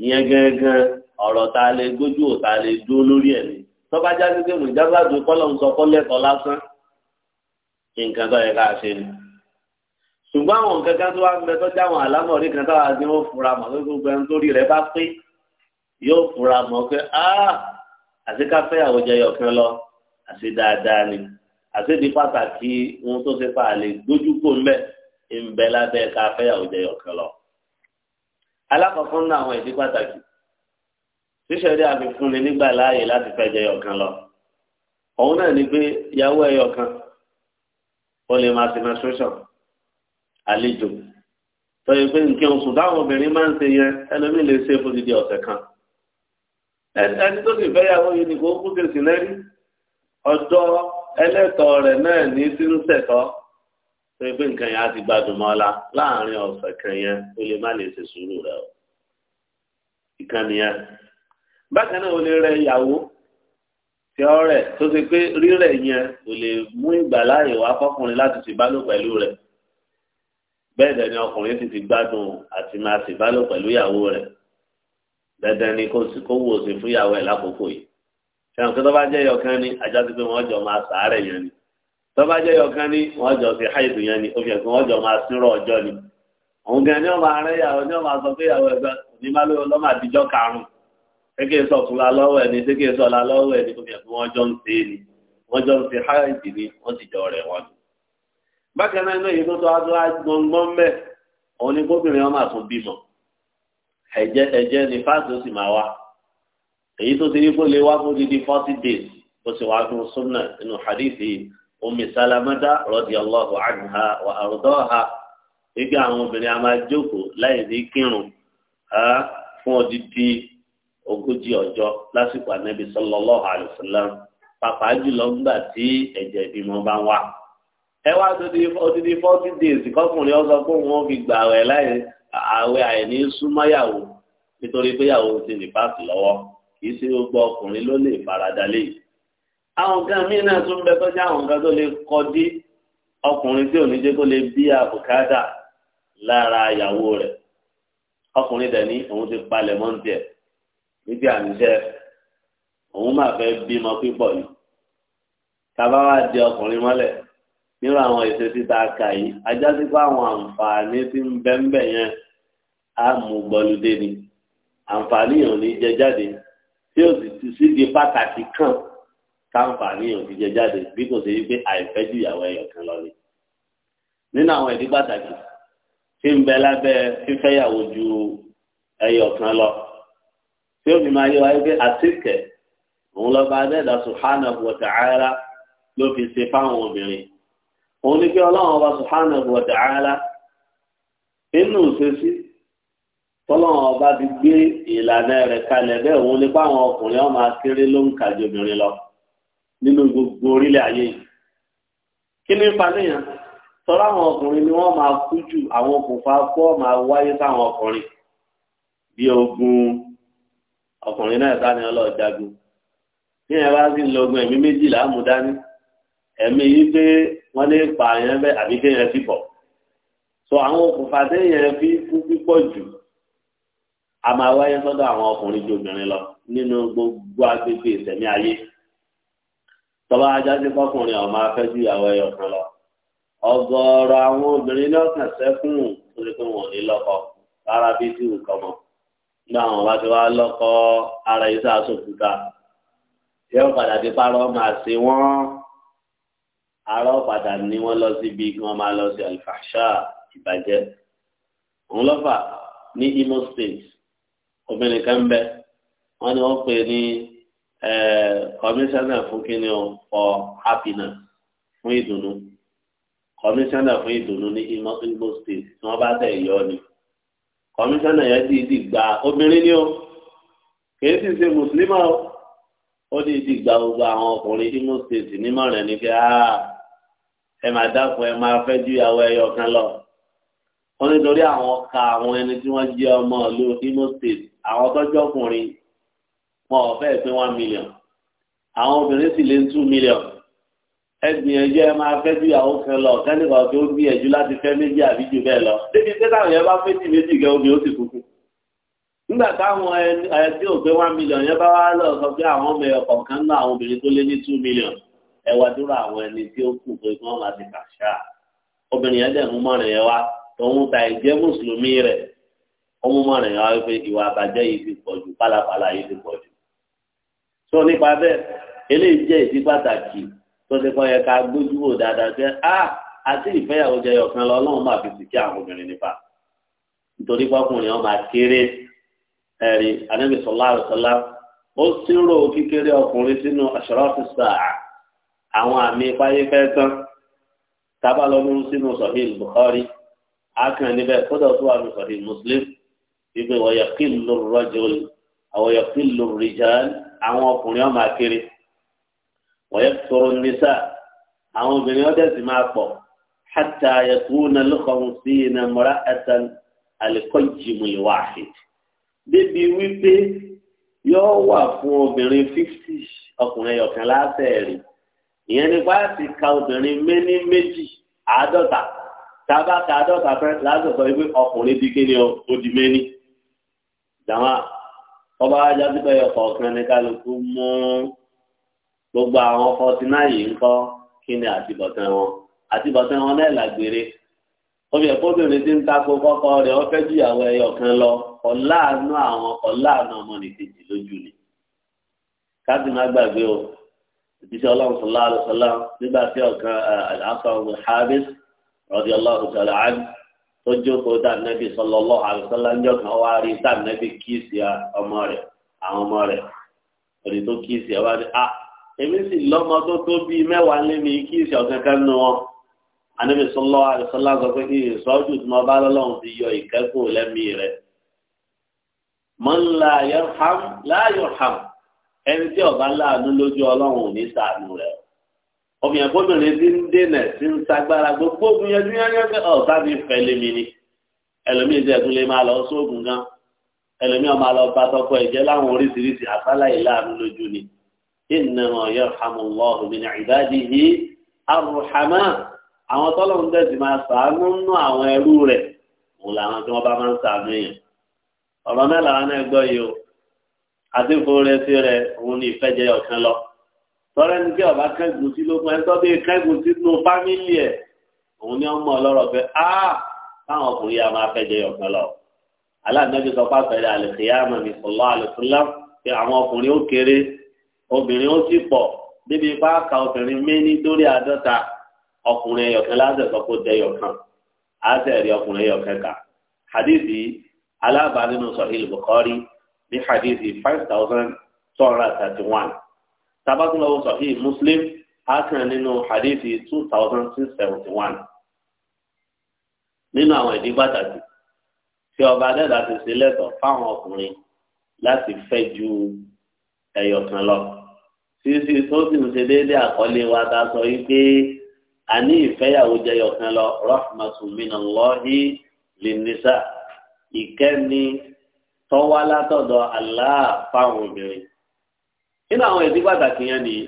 A: ìyẹn gangan ọ̀rọ̀ tá lè gbójú ò tá lè dúró lórí ẹ̀ ni tọ́ba jáde pé mùjábàdùn kọ́lọ́mù sọ kọ́lẹ́tọ̀ lásán nǹkan tó yẹ ká ṣe ni ṣùgbọ́n àwọn nǹkan kan tó wá ń bẹ tó dáwọn àlámọ̀rí kan táwa ni ó fura mọ̀ pé gbogbo ẹni tó rí rẹ bá pé yóò fura mọ̀ pé áá ah, àti káfẹ́ àwòjẹyọ kan lọ àti dáadáa ni àti di pàtàkì ohun tó ṣe pa àlè gbójúkò ńbẹ ńbẹ lábẹ́ káfẹ́ àwòjẹyọ kan lọ. alákọ̀ọ́kọ́ ní àwọn ìdí pàtàkì ṣíṣẹ́rí àfikúnni nígbà láàyè láti fẹ́ jẹyọ kan lọ òun náà ni pé ìyàwó ẹyọ kan ó lè máa ṣe menstruation àlejò tọ́yẹ pé nǹkan oṣù táwọn obìnrin máa ń ṣe yẹn ẹlòmíì lè ṣe fún dídí ọ̀sẹ̀ kan ẹni tó sì fẹ́yàwó yìí ni kò kú sí sílẹ́rì ọjọ́ ẹlẹ́tọ̀ rẹ̀ náà ní sínú sẹ̀tọ́ tọ́yẹ pé nǹkan yẹn á ti gbádùn mọ́lá láàrin ọ̀sẹ̀ kan yẹn ó lè má lè ṣe sùúrù rẹ̀ o ìkànnì yẹn bákan náà ó lè rẹ ìyàwó tí ọ̀rẹ́ tó ṣe pé rírẹ̀ yẹn kò lè mú ìgbàláyè wá fọkùnrin láti ṣèbálò pẹ̀lú rẹ̀ bẹ́ẹ̀ dẹ̀ ni ọkùnrin ti ti gbádùn àti máa sì bá lò pẹ̀lú ìyàwó rẹ̀ dandan ni kó wò sí fún ìyàwó ẹ̀ lákòókò yìí fẹ́ràn pé tó bá jẹ́ yọkan ni ajá ti pé wọ́n jọ máa sàárẹ̀ yẹn ni tó bá jẹ́ yọkan ni wọ́n jọ sí háìdù yẹn ni ó fi wọ́n jọ máa sínrọ̀ ọjọ́ ni òun gan ni wọ́n máa rẹ́ ìyàwó ni wọ́n máa sọ pé ìyàwó ẹgbẹ́ òní má lóyún lọ́mọ àtijọ́ karùn-ún kékeré sọ fúnra lọ́wọ́ ẹni kékeré sọ la lọ́wọ́ ẹni ó fi wọ́n jọ ń ṣe é ni wọ́n jọ ń ṣe háìdù ni wọ́n sì jọ rẹ̀ wọ́n ni bákan náà náà yìí tó tó adó agbọ̀ngbọ̀n mẹ́ òun ni gómìnà wọn máa tún bímọ ẹ̀jẹ̀ ẹ̀jẹ̀ ní fáàsì ó sì máa wá èyí tó ti rí kó lè wá fún dídí forty days bó ṣe wá fún súnà nínú hadithi Ummi Salamata radiyallahu anha wa ardaha gbígbé àwọn obìnrin a máa jókòó láì ní kírun fún odidi ogójì ọjọ́ lásìkò ànábì sallallahu alaihi wasallam pàápàá jùlọ ńgbà tí ẹ̀jẹ̀ ìbímọ bá wà ẹ wá odidi di forty days kọkùnrin ọsọ pé wọn fi gbà àwẹ̀ láì àwẹ̀ àìní súnmọ́yàwó nítorí pé yàwó ti ní páàkì lọ́wọ́ kì í ṣe gbogbo ọkùnrin ló lè farada léyìí àwọn nǹkan míín náà tún bẹ tọ́jú àwọn nǹkan tó lè kọdí ọkùnrin tí ò ní jẹ́ kó lè bí àbùkádà lára ìyàwó rẹ̀ ọkùnrin dẹ̀ ní òun ti palẹ̀ mọ́ tiẹ̀ níbi àníṣe òun máa fẹ́ bímọ pípọ̀ yìí tàbá wá di ọkùnrin mọ́lẹ̀ nínú àwọn ìṣe títa ka yìí ajá sí pé àwọn àǹfààní tí ń bẹ́ńbẹ̀ yẹn á mú gbọ́lúdé ni àǹfààní yẹn ò ní jẹ jáde tí ó sì síbi pàtàkì kan káǹfààní yẹn ò jẹ jáde bí kò ṣe wípé àìfẹ́ ju ìyàwó ẹyọ kan lọ ni. nínú àwọn ìdí pàtàkì tí ń bẹ lábẹ́ fífẹ́yàwó ju ẹyọ kan lọ tí ó máa yẹ wáyé pé àtìkẹ́ òun lọ́ba adẹ́dàá subhanahu wa ta'ala ló fi ṣe fáwọn obìnrin òun ni pé ọlọ́run ọba subhanahu wa ta'ala inú òṣèṣì tọ́lọ́run ọba ti gbé ìlànà rẹ̀ kalẹ̀ bẹ́ẹ̀ òun ni pé àwọn ọkùnrin ọmọ akéré ló ń kàjọ obìnrin lọ nínú gbogbo orílẹ̀ ayé yìí kí ni fa níyàn tọ́lá àwọn ọkùnrin ni wọ́n máa kú jù àwọn okùnfà kọ́ máa wáyé sáwọn ọkùnrin bí ogun ọkùnrin náà sáni ọlọ́ọ̀jagun bí ẹ bá sì ń lọ ogun ẹ̀mí méjìlá mú ẹ̀mí yìí pé wọ́n lè pa àyàn bẹ́ẹ̀ àbí kéèyàn fi bọ̀. sọ àwọn òkùnfà téèyàn fi kú pípọ̀ jù a máa wáyé sọ́dọ̀ àwọn ọkùnrin ju obìnrin lọ nínú gbogbo agbègbè ìsẹ̀mí ayé. tọ́ba ajá sí fọkùnrin ọ̀ máa fẹ́ ju ìyàwó ẹyọ kan lọ. ọ̀gọ̀ọ̀rọ̀ àwọn obìnrin náà kàn sẹ́kùn torí pé wọ́n ní lọ́kọ rárá bí tí nǹkan mọ̀. nígbà wọn bá ti wá lọ́kọ ara iṣẹ́ àsòkúta yóò padà di párọ́ máa ṣe wọ́n àárọ̀ padà ní wọ́n lọ síbi kí wọ́n máa lọ sí alifasha ìbàjẹ́ òun lọ́fà ní Imo State obìnrin kan bẹ wọ́n ní wọ́n pè ní kọmíṣánná fún kíni o for happiness fún ìdùnnú kọmíṣánná fún ìdùnnú ní Imo State tí wọ́n bá tẹ̀ yọ ni kọmíṣánná yẹn ti di gba obìnrin ni o kìí sì ṣe mùsùlùmá o ó ní ti gba gbogbo àwọn ọkùnrin Imo State nímọ̀ràn ní kí á ẹ máa dákun ẹ máa fẹ́ ju ìyàwó ẹyọ kan lọ. wọ́n nítorí àwọn ka àwọn ẹni tí wọ́n jẹ́ ọmọ ìlú Imo State àwọn tọ́jú ọkùnrin wọn ò fẹ́ pé one million àwọn obìnrin sì lé ní two million. ẹgbìyànjú ẹ máa fẹ́ ju ìyàwó kan lọ kẹ́nìkan tó gbìyànjú láti fẹ́ méjì àbí jù bẹ́ẹ̀ lọ. débi pé táwọn yẹn bá fẹ́ jì méjì gẹ́ obìnrin ó sì kúkú. nígbà táwọn ẹni tí ò pé one million yẹn bá wá lọ sọ pé àwọn ọmọ ẹ̀yọ̀ kọ̀ọ̀kan náà àwọn obìnrin tó lé ní two million ẹ wá dúró àwọn ẹni tí ó kù pé kí wọ́n ti kàṣà obìnrin yẹn dẹ̀ mú mọ́rin yẹn wá tòun ta ìjẹ́ mùsùlùmí rẹ̀ ó mú mọ́rin yẹn wá wípé ìwà àbàjẹ́ yìí ti pọ̀ jù pálapàla yìí ti pọ̀ jù. tó nípa bẹ́ẹ̀ eléyìí jẹ́ ìdí pàtàkì tó kọ́ yẹ ká gbójú wò a àti ìfẹ́yàwó jẹyọ kan lọ ọlọ́run máa fi sìkí àwọn obìnrin nípa nítorí pọ́kùnrin ọmọ akéré ẹ̀rí anábìsọ̀lá àrùsọ̀lá ó ọkùnrin àwọn àmì ìpáyé fẹ́ tán tábà lọ mú sínú sọ̀hìn Bukhari akàn níbẹ̀ kódà tó wà ní sọ̀hìn Muslim wípé wọ́yọ̀ kí ló rọ́jò àwọ̀yọ̀ kí ló rìjà àwọn ọkùnrin ọmọ akéré wọ́yọ̀ sọ̀rọ̀ nísà àwọn obìnrin ọdẹ sì máa pọ̀ hàtà yẹtùúnà lókàn sí iná mọ́ra ẹ̀sán àlẹ́kọ̀jìmùlì wáhid débi wípé yóò wà fún obìnrin fífítì ọkùnrin ẹ̀yọ̀kan láṣẹ̀ẹ́rì ìyẹn nípa ti ka obìnrin méní méjì àádọ́ta tábà ka àádọ́ta fẹ́ lásìkò wípé ọkùnrin di kíni o ó di méní. dàmà ọba ajá síbẹ̀ yọ kọ̀ọ̀kan ní kálukú mú gbogbo àwọn fọtí náà yìí ń kọ́ kíni àtibọ̀tán wọn àtibọ̀tán wọn náà làgbére obìnrin kóbìnrin ti ń takò kọ́kọ́ rẹ̀ ó fẹ́ jìyàwó ẹyọ kan lọ ọ̀láàánú àwọn ọ̀láàánú ọmọ nìkejì lójú ni ká sì má gbàgbé o ìbísẹ́ ọlọ́run sọlá àlùsọlá nígbà tí ọ̀kan àlàáfà ọ̀hún habis rọ̀dí ọlọ́run sọlá án tó jókòó dànẹ́bí sọlọ́lọ́ àlùsọlá ńjọ́ kan wá rí dànẹ́bí kíìsì ọmọ rẹ̀ àwọn ọmọ rẹ̀ òdì tó kíìsì ẹ̀ wá ní à ah, èmi sì lọ́mọ tó tó bíi mẹ́wàá lé mi kíìsì ọ̀kan kan nù wọn ànẹ́bí sọlọ́ àlùsọlá sọ pé ìsọ́jú tí mo bá lọ́lọ́run ti yọ ìkẹ́kọ̀ọ́ lẹ́mìí rẹ̀ mọ́ńlá yẹ ẹni tí ọba láàánú lójú ọlọ́run ò ní sàánú rẹ̀ obìnrin gómìnrin ti ń dènà sí ń sagbára gbogbo ogun yẹn ní yẹn pé ọ̀sá mi fẹ́ lémi ni ẹlòmíín tẹ̀ tún lè máa lọ sóògùn gan ẹlòmíín ọmọ àlọ́ bá tọkọ ẹ̀jẹ̀ láwọn oríṣiríṣi àbálá ìlànà lójú ni innama yarhamullahu min ibadihi arruhama àwọn tọ́lọ́run tẹ̀sí máa sàánú nú àwọn ẹrú rẹ̀ òun làwọn tí wọ́n bá máa ń sàánú yẹn ọ̀rọ̀ mẹ́làá àti ìfowórẹsí rẹ òun ní ìfẹjẹ ọ̀kan lọ tọrẹ ní kí ọba kẹgùn sí lókun ẹni tó bí kẹgùn sínú fámìlì ẹ òun ní ọmọ ọlọ́rọ̀ pé a ah! táwọn ọkùnrin yà máa fẹjẹ ọ̀kan lọ aláàbẹjọ sọ pàṣẹ àlùkìyàmọ ní sọlọ àlùkùnlá pé àwọn ọkùnrin ó kéré obìnrin ó sì pọ̀ débi ipá ka obìnrin méní dórí àádọ́ta ọkùnrin ẹyọkan láti sọ pé ó dẹ á sì rí ọkùnrin ẹyọkan kà hadithi alábàá nínú sọhíl ní hadith five thousand two hundred thirty one tabatulawo sahih muslim akan nínú hadith two thousand six seventy one nínú àwọn ìdí pàtàkì tí ọba adẹ́dà ti ṣe lẹ́tọ̀ fáwọn ọkùnrin láti fẹ́ ju ẹ̀yọ̀kan lọ sísí tó sì ń ṣe déédéé àkọlé wa ta sọ yìí pé àní ìfẹ́yàwó jẹyọ̀kan lọ rahmatu minallahi linnisa ìkẹ́ni tọ́wá látọ̀dọ̀ Allah fáwọn obìnrin nínú àwọn ìdí pàtàkì yẹn nìyí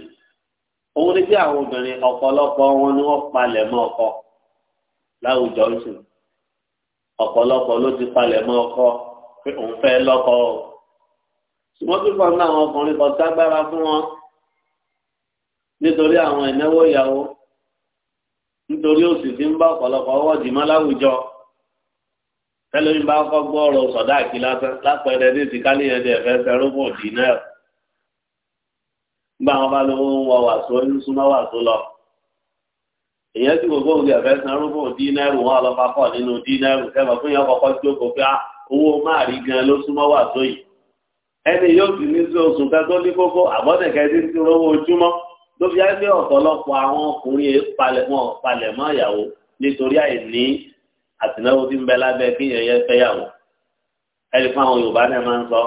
A: òun ni pé àwọn obìnrin ọ̀pọ̀lọpọ̀ wọn ni wọ́n palẹ̀ mọ́ ọkọ láwùjọ ń sùn ọ̀pọ̀lọpọ̀ ló ti palẹ̀ mọ́ ọkọ pé òun fẹ́ lọ́kọ o ṣùgbọ́n pípọ̀ ní àwọn ọkùnrin kan ságbára fún wọn nítorí àwọn ìnáwó ìyàwó nítorí òṣì tí ń bá ọ̀pọ̀lọpọ̀ ọwọ́ dìímọ́ láwùjọ tẹ́lẹ̀ mi bá kọ́ gbọ́ ọ̀rọ̀ sọ̀dáàkì lásán lápẹẹrẹ ní ìsìnkálẹ̀ yẹn ní ẹ̀fẹ́ sẹ́rọ́mù dínà nígbà wọn bá lówó ń wọ wàsó ń súnmọ́ wàsó lọ èyàn tí gbogbo ògì ẹ̀fẹ́ sẹ́rọ́mù dínà wọn lọ bá pọ̀ nínú dínà sẹ́wọ̀n fún yẹn kọ́kọ́ tí ó kọ pé ah, owó máa rí gan ló súnmọ́ wàsó yìí ẹni yóò sì ní sí oṣù kan tó ní kókó àbọ̀dẹ̀kẹ́ ti ti rówó ojúmọ́ ló á gbé ọ̀pọ̀lọpọ̀ àwọn ọkùnrin palẹ̀mọ́ palẹ̀mọ́ ìyàwó nítorí àìní àtìnáwó tí ń bẹ lábẹ́ kéèyàn yẹn fẹ́yàwó ẹni fún àwọn yorùbá náà máa ń sọ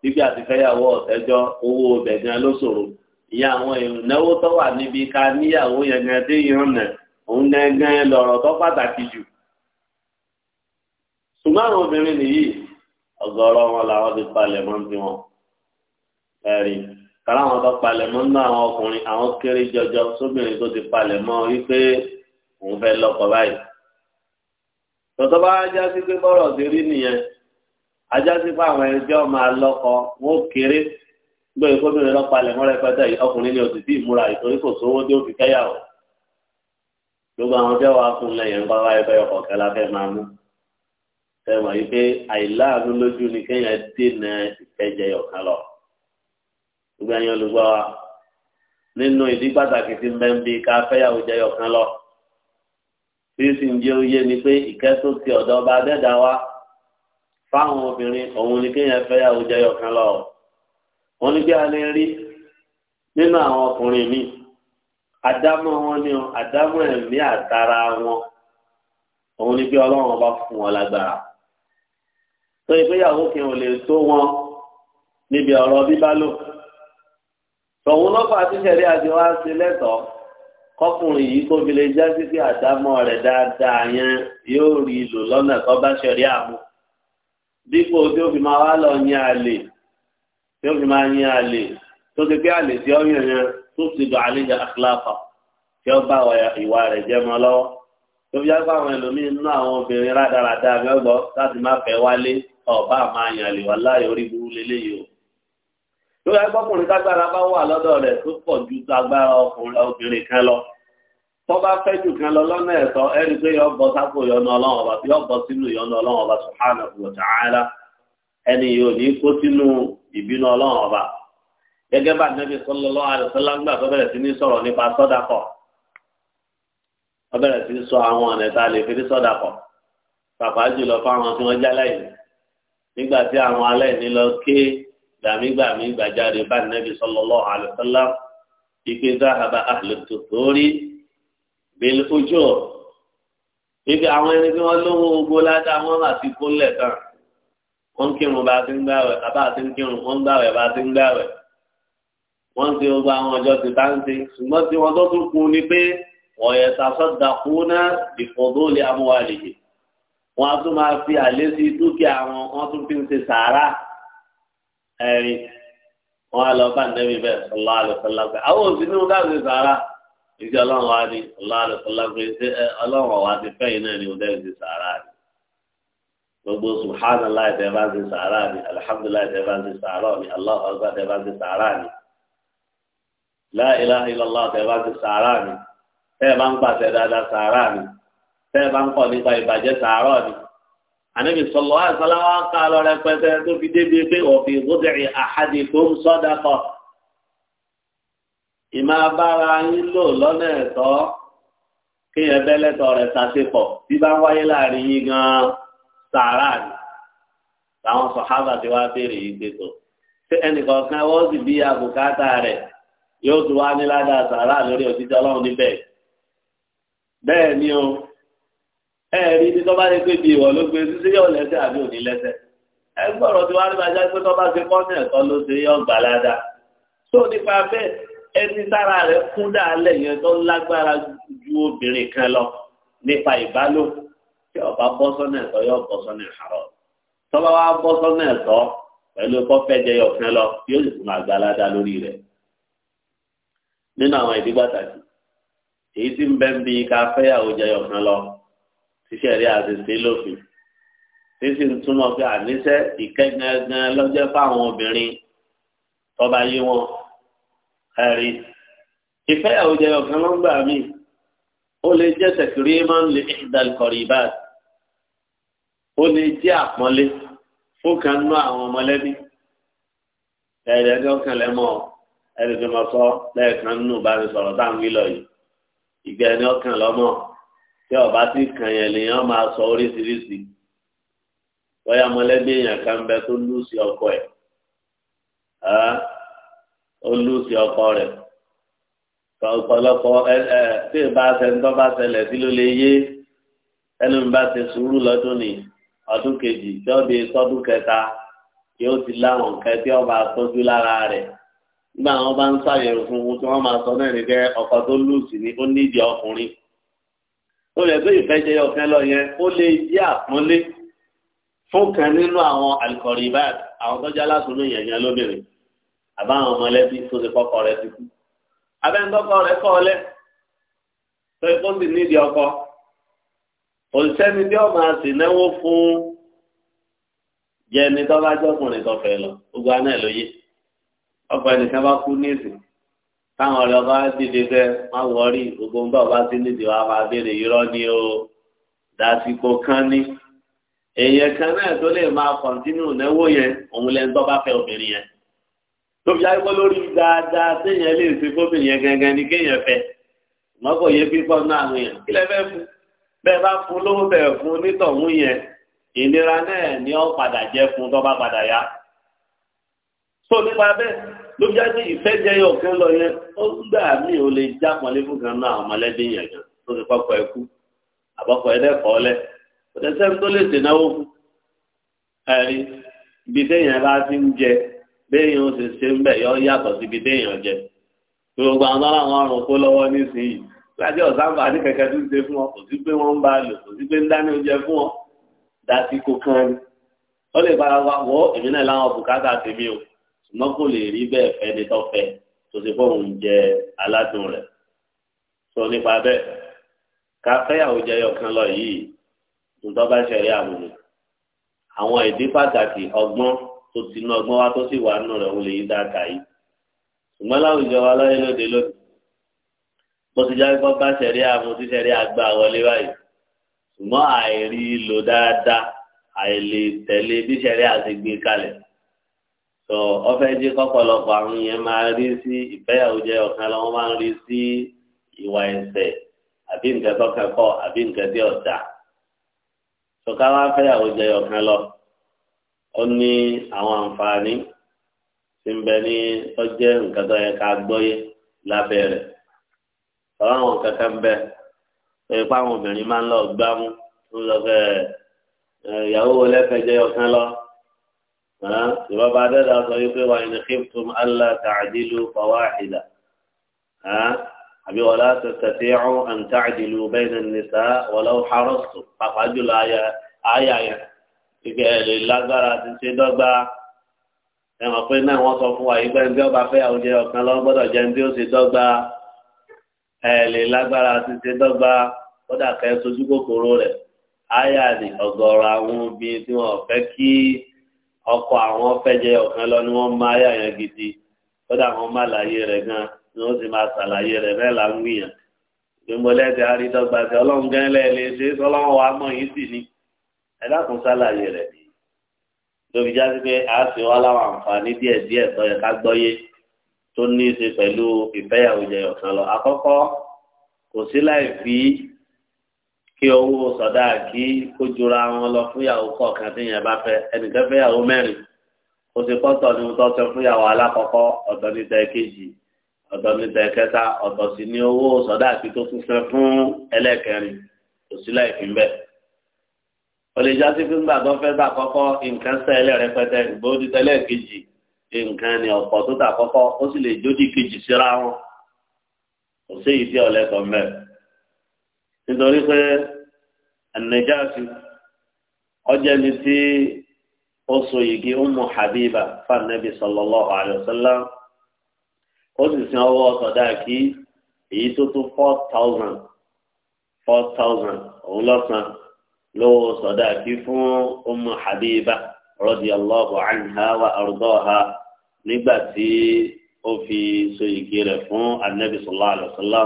A: bíbí àti fẹ́yàwó ọ̀tẹ́jọ́ owó bẹ̀gàn ló ṣòro ìyá àwọn ìnáwó tó wà níbi ká níyàwó yẹn gan dé ìrànà òun gangan lọ̀rọ̀ tó pàtàkì jù ṣùgbọ́n àwọn obìnrin nìyí ọ̀gọ̀rọ̀ wọn làwọn ti palẹ̀ mọ́ ti wọn ẹ̀rí kàrà àwọn tó palẹ̀ mọ́ náà àwọn ọkùnrin àwọn kéré jọjọ sóbìnrin tó ti palẹ̀ mọ́ wípé òun fẹ́ lọ́kọ báyìí tọ́tọ́ bá ajá sí pé bọ́rọ̀ ti rí nìyẹn ajá sí pé àwọn ẹgbẹ́ ọmọ alọ́kọ wọn ó kéré gbé gómìnà e lọ́pàá alẹ̀ mọ́rẹ́ pátá yìí ọkùnrin ní òtítì ìmúra ìtorí kò sówó tí ó fi kẹ́yàwó gbogbo àwọn tí wàá fún lẹ́yìn ńpa wáyé bẹ́ẹ̀ ọkọ̀ kẹ́lá fẹ́ máa mú ẹ mọ̀ yìí pé àìláàánú lójú ni kéèyàn dènà ìkẹjẹ ọ̀kan lọ gbogbo ẹ̀yin olùgbọ́ wa nínú ìdí pàtàkì tí mbẹ́ńbí ká fẹ́yàwó jẹ́ ọ̀kan lọ tí sì ń jẹ́ oyé ni pé ìkẹ́ tó ti ọ̀dọ̀ ọba dẹ́dá wa fáwọn obìnrin òun ni kéèyàn fẹ́ yàwó jẹyọ kan lọ. wọ́n ní kí a lè rí nínú àwọn ọkùnrin míì àdámọ̀ wọn ni o àdámọ̀ ẹ̀mí àtara wọn òun ni pé ọlọ́run ọba fún wọn lágbára. tó ìgbéyàwó kí n lè tó wọn níbi ọ̀rọ̀ bíbá lò. tọ̀hún lọ́pàá tíṣẹ̀lẹ̀ àti wá sí lẹ́tọ̀ọ́ kọkùnrin yìí kó fi lè já sí sí àdámọ́ rẹ̀ dáadáa yẹn yóò rí i lò lọ́nà tó bá ṣẹ̀rí àmú dípò tí ó fi máa wá lọ yín àlè tí ó fi máa yín àlè tó ti pé àlè tí ó yàn yẹn tó ti dùn àlejò àkìláfà tí ó bá ìwà rẹ̀ jẹ́ mọ́ lọ́wọ́ tó fi jágbá àwọn ẹlòmíín nínú àwọn obìnrin rádaràda mẹ́gbọ́ láti má fẹ́ wálé ọ̀bá máa yàn àlè wà láì orí burú lélẹ́yìí o. tó yẹ kọkùnrin tágbára bá wà lọ́dọ̀ rẹ̀ tó pọ̀ ju ọkùnrin obìnrin kan lọ tó bá jù kan lọ lọ́nà ẹ̀tọ́ ẹni pé yọ bọ́ sápò yọnu ọba yọ bọ́ sínú yọnu ọlọrun ọba subhanahu ẹni yóò ní kó sínú ọba gẹgẹ bá ńgbà tó sọ àwọn ọ̀nà lè fi ní pàpà jùlọ fáwọn tí wọ́n jẹ́ aláìní gbàmígbàmí gbàjáde bá nẹ́bí sallallahu alaihi wasallam ìpè záhàbà ahlut tuhuri bil ujur ibi àwọn ẹni tí wọ́n lówó ogbó ládàá wọ́n máa ti kó lẹ́tàn wọ́n ń kírun bá a ti ń gbàwẹ̀ bá a ti ń kírun wọ́n ń gbàwẹ̀ bá a ti ń gbàwẹ̀ wọ́n ń ti gbogbo àwọn ọjọ́ ti bá ń ti ṣùgbọ́n tí wọ́n tó tún kú ni pé wọ́n yẹ kú náà ìfọ̀dó lé amúhalèyè wọ́n á tún máa fi àlé sí dúkìá wọn wọ́n tún fi ń ṣe sàárà. ẹ̀rí wọn á lọ bá nẹ́bí bẹ́ẹ̀ sọlá àwọn òsínú láti sàárà ìdí ọlọ́run wa ni sọlá àlùfọlá ọlọ́run wa ti fẹ́ náà ni ó dẹ́rẹ́ sàárà ni ọgbà la ilaha illallah bá ni bá ń pàṣẹ dáadáa ni bá ń ni. ànábì sọlọ àṣàlá wa ká lọ rẹpẹtẹ tó fi débi pé òfin gbódìrín àhádìí tó ń sọdà kọ ìmọ̀ abára yín lò lọ́nà ẹ̀tọ́ kéèyàn bẹ́ lẹ́tọ̀ rẹ̀ ṣàṣepọ̀ bí bá ń wáyé láàrin yín gan sàárà ni làwọn sọ̀hábà ti wá béèrè yìí gbèsò ṣé ẹnìkọ̀ọ̀kan wọ́n sì bí àbùkátà rẹ̀ yóò tún wá ní ládàá sàárà lórí òṣìṣẹ́ ọlọ́run níbẹ̀ bẹ́ẹ̀ ni o ẹ̀rí tí tọ́ bá ti pé bí ìwọ ló gbé sísé yọ̀ lẹ́sẹ̀ àbí òní lẹ́sẹ̀ ẹ gbọ́dọ̀ tí wàá rí bàjá pé tọ́ bá ti pọ́nì ẹ̀kọ́ ló ṣe yọ̀ gbàládà tó nípa bẹ́ẹ̀ ẹni sára rẹ̀ kún dàálẹ̀ yẹn tó lágbára ju obìnrin kan lọ nípa ìbálò tí ọba bọ́ sọ́nà ẹ̀tọ́ yọ̀ bọ́ sọ́nà ìhàrọ̀ tọ́ba wa bọ́ sọ́nà ẹ̀tọ́ pẹ̀lú kọ́fẹ́ jẹyọ kan lọ yóò ṣíṣẹ́ rí àṣìṣe lófin ṣíṣe ń túmọ̀ pé àníṣe ìkẹ́gangan lọ́jọ́ fáwọn obìnrin tọ́ba yé wọn ẹ̀rí ìfẹ́yàwó jẹ́ ọ̀kan ló ń gbà mí ó lè jẹ́ sẹ̀kìrì máa ń lè ìdàlùkọ̀rì ìbáàdì ó lè jẹ́ àpọ́nlé fún kan nú àwọn mọ̀lẹ́bí ẹ̀ẹ́dẹ́gbẹ́ ọ̀kan lẹ́mọ̀ ẹ̀ẹ́dẹ́gbẹ́ mọ̀ sọ lẹ́ẹ̀kan nù bá mi sọ̀rọ̀ táwọn wí lọ yìí ìgbẹ́ ẹni ọ̀kan lọ́mọ́ tí ọba ti kàn yẹn lèèyàn máa sọ oríṣiríṣi bóyá mọ̀lẹ́bí èèyàn kan bẹ tó lù sí ọkọ ẹ̀ ó lù sí ọkọ rẹ̀ ọ̀pọ̀lọpọ̀ ẹ ẹ tí ìbá sẹ́ńtọ́ bá ṣẹlẹ̀ sí ló lè yé ẹnu mi bá ti sùúrù lọ́dún ní ọdún kejì tí ọdún sọ́dún kẹta yóò ti láwọn nǹkan tí ọba tọ́jú lára rẹ̀ nígbà wọn bá ń ṣàyẹ̀wò fún un tí wọ́n máa sọ náà ní kẹ́ ọkọ tó lù sí ni ó nídìí ọkùnrin ó lè gbé ìfẹ́ jẹyọ kan lọ yẹn ó lè jẹ́ àpọ́nlé fún kan nínú àwọn alikọ̀rì báyìí àwọn tọ́jà lásùnú yẹn yẹn lóbìnrin àbáwọn ọmọlẹ́bí tó ti kọ́kọ́ rẹ ti kú abẹ́ńkọ́kọ́ rẹ kọ́ ọ lẹ́ tó ikú sì nídìí ọkọ òṣìṣẹ́ni bí ọmọ àti náwó fún jẹni tó bá jọkùnrin tó fẹ́ lọ gbogbo aná ẹ̀ lóye ọkọ ẹnìkan bá kú ní ìsìn táwọn ọ̀rẹ́ ọba dìde fẹ́ má wọrí gbogbo nǹkan ọba ti nídìí wa máa béèrè irọ́ ni o dàsìkò kan ní èèyàn kan náà tó lè máa kọ̀ǹtínú náwó yẹn òun lẹ́nu tó bá fẹ́ obìnrin yẹn tó fi ayé lórí dáadáa téèyàn lè ṣe fóbìnrin yẹn gangan ni kéèyàn fẹ́ mọ́kò yẹ fífọ́ náà àwọn èèyàn kí fẹ́ fún bẹ́ẹ̀ bá fún lówó bẹ́ẹ̀ fún nítọ̀hún yẹn ìnira náà ni ó padà jẹ́ fún tó bá padà yá. tó nípa bẹ́ẹ̀ ló bí jáde ìfẹ́ jẹyọ ọ̀kẹ́ lọ yẹn ó ń gbà mí ò lè já pọ̀lẹ́ fún kan náà ọmọlẹ́dẹ́ yẹn kan tó ti kọ́kọ́ ẹ kú àbọ̀kọ̀ ẹ̀dẹ́kọ̀ọ́ lẹ̀ kò tẹ́ sẹ́ni tó lè dènáwó fún ẹ̀rí ibi téèyàn bá ti ń jẹ béèyàn ó sì ṣe ń bẹ̀ yọ yàtọ̀ sí ibi téèyàn jẹ gbogbo àwọn aláwọn ọrùn kó lọ́wọ́ nísìnyí láti ọ̀sánfà ní kẹ̀kẹ́ tó ń ṣe fún ọ kò sí pé wọ́n ń bá lò kò ṣùgbọ́n kò lè rí bẹ́ẹ̀ fẹ́ ní tọ́fẹ́ tó ti fọ́ òun jẹ aládùn rẹ̀ sọ nípa bẹ́ẹ̀ káfẹ́yàwó jẹyọ kan lọ yìí nítorí bá ṣẹlẹ̀ àmúni àwọn ìdí pàtàkì ọgbọ́n tó ti ná ọgbọ́n wá tó sì wà nù rẹ̀ òun lè yí dáadáa yìí ṣùgbọ́n láwùjọ wa láyé lóde lónìí bó ti jáwé kọ́ bá ṣẹlẹ̀ àmú tí ṣẹlẹ̀ àgbà wọlé báyìí ṣùgbọ́n àìrí lò dáadáa àìlè tẹ̀lé bí ṣẹlẹ̀ àti gbé kalẹ̀ tó ọfẹ́ jí kọ́pọ̀lọpọ̀ àwọn yẹn máa rí sí ìfẹ́yàwó jẹ́ ọ̀kan lọ́wọ́ máa ń rí sí ìwà ẹ̀ṣẹ̀ àbí nǹkan tó kẹ́kọ̀ọ́ àbí nǹkan tí ọ̀dà tó ká wá fẹ́yàwó jẹ́ ọ̀kan lọ ó ní àwọn àǹfààní tí ń bẹ ní ọjẹ́ nǹkan tó yẹ ká gbọ́yé lábẹ́ rẹ̀ tọ́lá àwọn kẹ̀kẹ́ ń bẹ pé pé obìnrin máa ń lọ gbámú ń lọ fẹ́ ìyàwó lẹ́fẹ̀ẹ́ jẹ́ ọ̀kan lọ ìrọ̀bà dẹ́dà sọ wípé wà ní kíftùm allá tàdílù fọwáhìlà àbí wọ́n láti tẹ̀tẹ̀ ọ̀hún àn tàdílù bẹ́ẹ̀ ní nìsá wọ́lọ́ harọ́sù pàpà jùlọ àyà yẹn ìgbẹ́ ẹ̀lẹ́ lágbára ti ṣe dọ́gba ẹ̀wọ̀n pé náà wọ́n sọ fún wa ìgbẹ́ ẹ̀ńdí ọba fẹ́ àwùjẹ ọ̀kan lọ́wọ́ gbọ́dọ̀ jẹ́ ó ṣe dọ́gba ẹ̀lẹ́ lágbára ah, ti ṣe dọ́gba kódà kẹ́ sojú kòkòrò rẹ̀ àyà ni ọ̀gọ̀rọ̀ àwọn obìnrin tí wọ́n fẹ́ kí ọkọ àwọn fẹjẹ ọ̀kan lọ ni wọn máa yà yẹn gidi kódà wọn má láyé rẹ gan ni wọn sì máa ṣàlàyé rẹ bẹ́ẹ̀ là ń wíyàn gbẹmọlẹsẹ àrídọgba sí gan lẹ ṣe sọ́lọ́run wa mọ yìí sì ni ẹ dákun ṣàlàyé rẹ ni lóbi já sí pé a sì wá láwọn àǹfààní díẹ̀ díẹ̀ tó yẹ ká gbọ́yé tó ní í ṣe pẹ̀lú ìfẹ́yàwó jẹyọ kan lọ àkọ́kọ́ kò sí láì fi kí owó sọ̀dá kí kó jura wọn lọ fúyàwó kọ̀ọ̀kan tí yẹn bá fẹ́ ẹnìkan fẹ́yàwó mẹ́rin kò sí pọ́tọ̀ ní tó ṣe fúyàwó alákọ̀ọ́kọ́ ọ̀dọ́ níta kejì ọ̀dọ́ níta kẹta ọ̀dọ́ sì ní owó sọ̀dá kí tó tún fẹ́ fún ẹlẹ́kẹrin kò sí láì fi bẹ́ẹ̀ olèjà tí fi ń gbàgbọ́ fẹ́ tà kọ́kọ́ nǹkan sẹ́lẹ̀ rẹpẹtẹ ìgbóhùn tẹ́lẹ̀ kejì nǹkan ni ọ̀pọ̀ tó tà kọ́kọ́ ó sì lè jódì kejì síra wọn kò nítorí pé ẹnìjáàsì ọjà ni tí ó so yìgì Ummu Habiba fanabi sallallahu alayhi wa si ó sì sin ọwọ́ ọ̀sọ̀dá kí èyí tó tó four thousand four thousand òun lọ́sàn lówó sọ̀dá kí fún Ummu Habiba radiyallahu anha wa ardaha nígbà tí ó fi so yìgì rẹ̀ fún anabi sallallahu alayhi wa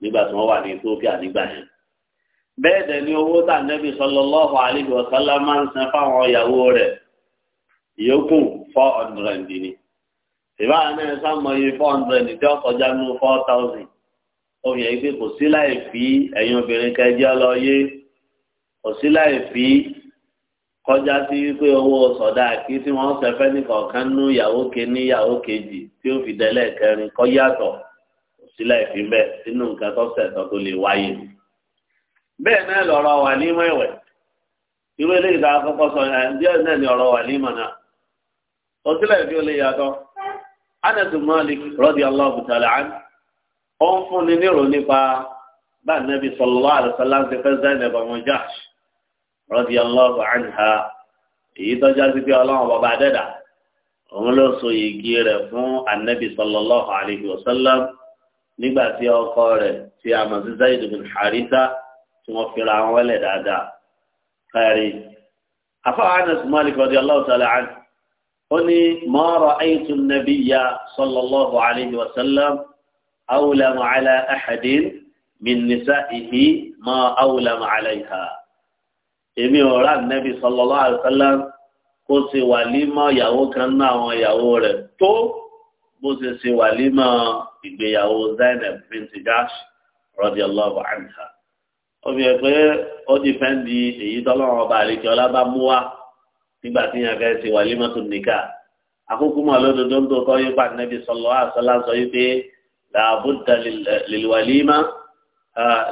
A: nígbà tí wọ́n wà ní Ethiopia bẹ́ẹ̀ dẹ̀ ni owó tà nẹ́bí sallallahu alaihi wa máa ń san fáwọn ìyàwó rẹ̀ four hundred ni ìbára náà sáàmù iye four hundred tí ó kọjá four thousand òfin pé kò sí láì fi ẹ̀yin obìnrin kẹjẹ lọ yé kò sí láì fi kọjá sí wípé owó sọ̀dá kí tí wọ́n fẹ́ nìkọ̀ọ̀kan nú ìyàwó ìyàwó kejì tí ó fi dẹ́lẹ̀ kẹrin kọ́ yàtọ̀ kò sí láì fi bẹ́ẹ̀ sínú nǹkan tó tó bẹ́ẹ̀ náà lọ́rọ̀ wà ní mẹ́wẹ̀ ìwé ilé ìdá akọ́kọ́ sọ díẹ̀ náà ni ọ̀rọ̀ wà ní mọ̀nà òsílẹ̀ bí ó lè yàtọ̀ Anas Malik radiyallahu ta'ala an ó ń fúnni nírò nípa bá nàbí sallallahu alaihi wasallam ti fẹ́ Zainab ọmọ Jahsh radiyallahu anha èyí tọ́já sí pé ọlọ́run bàbá dẹ́dà òun ló so igi rẹ̀ fún anabi sallallahu alaihi nígbà tí ọkọ rẹ̀ tí a mọ̀ sí Zaid bin Haritha tí wọ́n fira wọn lẹ̀ dáadáa kárí. afáwọn anas malik radiyallahu ta'ala anhu ó ní ma ra'aytu an-nabiyya sallallahu alayhi wa sallam awlama ala ahadin min nisa'ihi ma awlama alayha. èmi ò rà nẹ́bí sallallahu alayhi wa sallam kó ṣe wàlímọ̀ ìyàwó kan náà àwọn ìyàwó rẹ̀ tó bó ṣe ṣe wàlímọ̀ ìgbéyàwó Zainab bint Jahsh radiyallahu anha obì ẹ̀ pé ó ti fẹ́ di èyí tọ́lọ́run ọba àlejò ọlábà mú wa nígbà tí yàn fẹ́ ṣe wàlímọ́tò nìkà àkókò mọ̀ lódodo ń tó kọ́ yín pa nẹ́bí sọlọ́ àṣọlá sọ yí pé làbúdà lèwàlímà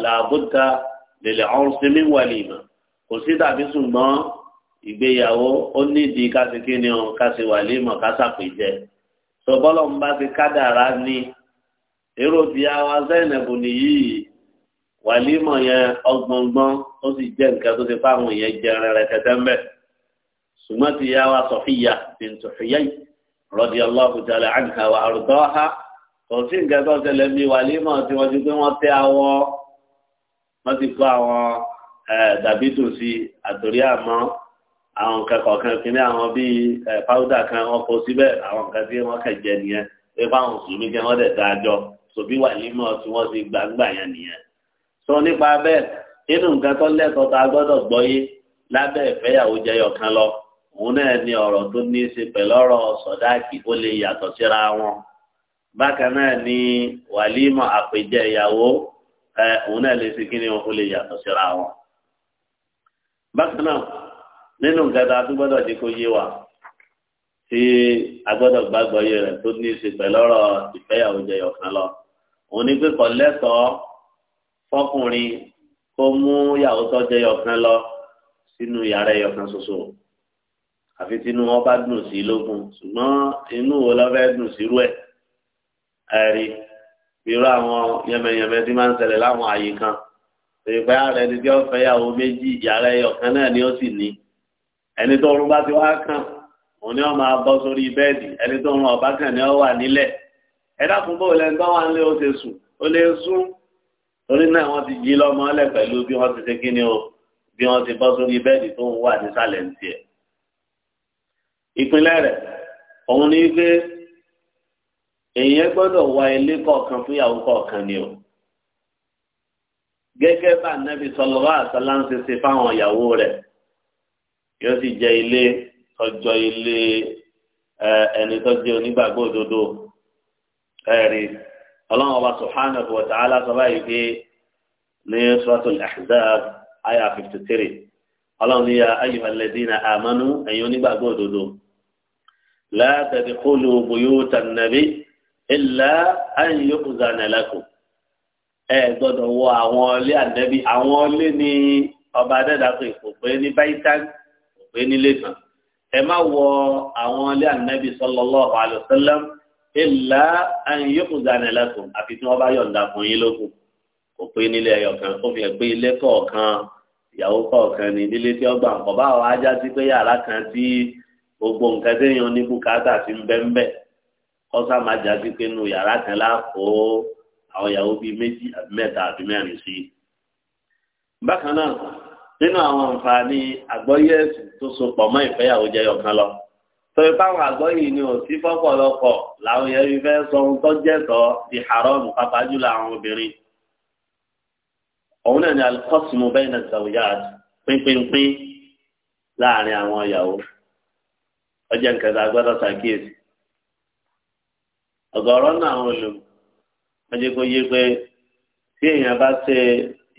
A: làbúdà lèlè ọ̀rùnsẹ́mí wàlímà kò sí tàbí ṣùgbọ́n ìgbéyàwó ó nídìí kásìkí ni ó kásì wàlímà kásàpèjẹ sọ bọ́lọ̀ ń bá ti kádàrá ní èrò ti àwa sẹ́yìn ẹ̀bùn nìyí yìí wàlímọ̀ yẹn ọgbọ̀ngbọ́n ó sì jẹ́ nǹkan tó ti fáwọn yẹn jẹrẹ rẹpẹtẹ ń bẹ̀ ṣùgbọ́n ti yá wa Sọfiyya bintu Huyay radiyallahu ta'ala anha wa ardaha kò sí nǹkan tó ṣẹlẹ̀ bí wàlímọ̀ tí wọ́n ti pé wọ́n tẹ́ awọ wọ́n ti kó àwọn dàbí tòsí àtòrí àmọ́ àwọn nǹkan kọ̀ọ̀kan kìíní àwọn bíi pàwùdà kan wọ́n kó síbẹ̀ àwọn nǹkan tí wọ́n kẹ̀ jẹ nìyẹn pé fáwọn mùsùlùmí kẹ́ wọ́n dẹ̀ dájọ́ sòbí wàlímọ̀ tí wọ́n ti gbàgbà yẹn nìyẹn tó nípa bẹ́ẹ̀ nínú nǹkan tó lẹ́tọ̀ọ́ ta gbọ́dọ̀ gbọ́yé lábẹ́ ìfẹ́yàwó jẹyọ kan lọ òun náà ni ọ̀rọ̀ tó ní í ṣe pẹ̀lú ọ̀rọ̀ sọ̀dáàkì ó lè yàtọ̀ síra wọn bákan náà ni wàlímọ̀ àpèjẹ ìyàwó ẹ òun náà lè ṣe kí ni ó lè yàtọ̀ síra wọn. bákan náà nínú nǹkan tá a tún gbọ́dọ̀ di kó yé wa tí a gbọ́dọ̀ gbàgbọ́ yé rẹ̀ tó ní í ṣe pẹ̀lú ọ̀rọ̀ ìfẹ́yàwó jẹyọ kan lọ òun ni pé kò lẹ́tọ̀ọ́ fọkùnrin kó mú yàwó tọ́jọ́ yọkan lọ sínú yàrá yọkan ṣoṣo àfi tínú wọn bá dùn sí lókun ṣùgbọ́n inú wo lọ fẹ́ dùn sírú ẹ̀ ẹ̀rí irú àwọn yẹmẹyẹmẹ tí máa ń ṣẹlẹ̀ láwọn àyè kan ìfẹ́ ààrẹ ni tí ó fẹ́ yàwó méjì yàrá ẹyọkan náà ni ó sì ní ẹni tó rún bá ti wá kàn òun ni ó máa bọ́ sórí bẹ́ẹ̀dì ẹni tó rún ọ̀bá kàn ni ó wà nílẹ̀ ẹ dákun bó lẹ́nu tó wà nílé ó ti sùn ó lè sùn torí náà wọ́n ti jí lọ́mọ ọlẹ́ pẹ̀lú bí wọ́n ti ṣe kí ni o bí wọ́n ti bọ́ sórí bẹ́ẹ̀dì tó ń wà nísàlẹ̀ ń tiẹ̀. ìpínlẹ̀ rẹ̀ òun ni pé èèyàn gbọ́dọ̀ wá ilé kọ̀ọ̀kan fún kọ̀ọ̀kan ni o. gẹ́gẹ́ bá nẹ́bí sọlọ́wọ́ àtàlà ń ṣe fáwọn ìyàwó rẹ̀ yóò sì jẹ́ ilé tọ́jọ́ ilé ẹni onígbàgbọ́ òdodo ẹ̀rí ọlọ́run ọba subhanahu wa ta'ala sọ báyìí pé ní suratul ahzab aya fifty three ọlọ́run ní ya ayyuhal ladhina amanu ẹ̀yin onígbàgbọ́ òdodo la tadkhulu buyutan nabi illa an yu'zana lakum ẹ gbọ́dọ̀ wọ àwọn ilé ànẹ́bí àwọn ilé ní ọba adẹ́dàkọ̀ ìkòpé ní báyìtán ìkòpé nílé kan ẹ má wọ àwọn ilé ànẹ́bí sallallahu alaihi wasallam ìlà àyìnkùnzánilẹ lẹkùn àfi tí wọn bá yọ̀ǹda fún yín lókun kò pé nílé ẹyọ kan ó fi hàn pé ilé kọ̀ọ̀kan ìyàwó kọ̀ọ̀kan ní ilé tí ọgbà nǹkan bá wàá já sí pé yàrá kan tí gbogbo nǹkan téèyàn ní bùkátà ti ń bẹ́ńbẹ́ kọ́sá máa já sí pé nu yàrá kan láàkó àwọn ìyàwó bíi méjì àbí mẹ́ta àbí mẹ́rin sí i. bákan náà nínú àwọn àǹfààní àgbọ́yé ẹ̀sìn tó so pọ̀ mọ́ ìfẹ́yàwó jẹyọ kan lọ torí báwọn àgbọ̀ yìí ni ò sí fọ́pọ̀lọpọ̀ làwọn yẹn fi fẹ́ sọ ohun tó jẹ́tọ̀ di haram pàápàá jùlọ àwọn obìnrin. òun náà ni alikọ́sùmù bẹ́ẹ̀ náà zawujad pínpínpín láàrin àwọn ìyàwó ọjà nkẹta gbọ́dọ̀ ṣàkíyèsí. ọ̀gọ̀rọ̀ náà àwọn olùm wọ́n jẹ́ kó yé pé tí èèyàn bá ṣe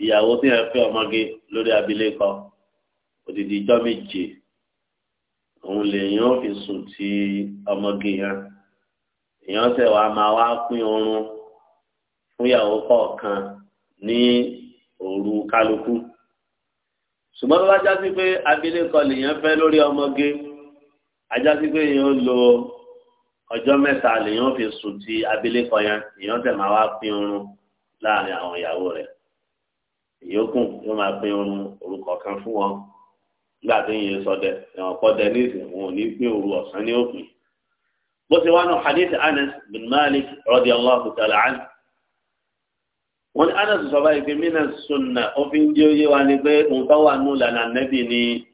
A: ìyàwó tí èèyàn fẹ́ ọmọge lórí abilékọ òdìdí ijọ́ méje òun lèèyàn fi sùn ti ọmọge yẹn èèyàn tẹ wàá máa wá pín oorun fúnyàwó kọ̀ọ̀kan ní òru kálukú ṣùgbọ́n tó bá jásí pé abilékọ lèèyàn fẹ́ lórí ọmọge ajásí pé èèyàn lo ọjọ́ mẹ́ta lèèyàn fi sùn ti abilékọ yẹn èèyàn tẹ̀ máa wá pín oorun láàrin àwọn ìyàwó rẹ̀ ìyókù yóò máa pín oorun orúkọ kan fún wọn nígbà tí ń yẹ sọdẹ ẹwọn kọdẹ ní ìsìn wọn ò ní pín òru ọ̀sán ní òpin bó ti wá nù hadith anas bin malik radiyallahu ta'ala anhu wọn ní anas sọ báyìí pé mina sunna ó fi ń jẹ oyé wa ni pé òun tó wà nù lànà nẹbi ni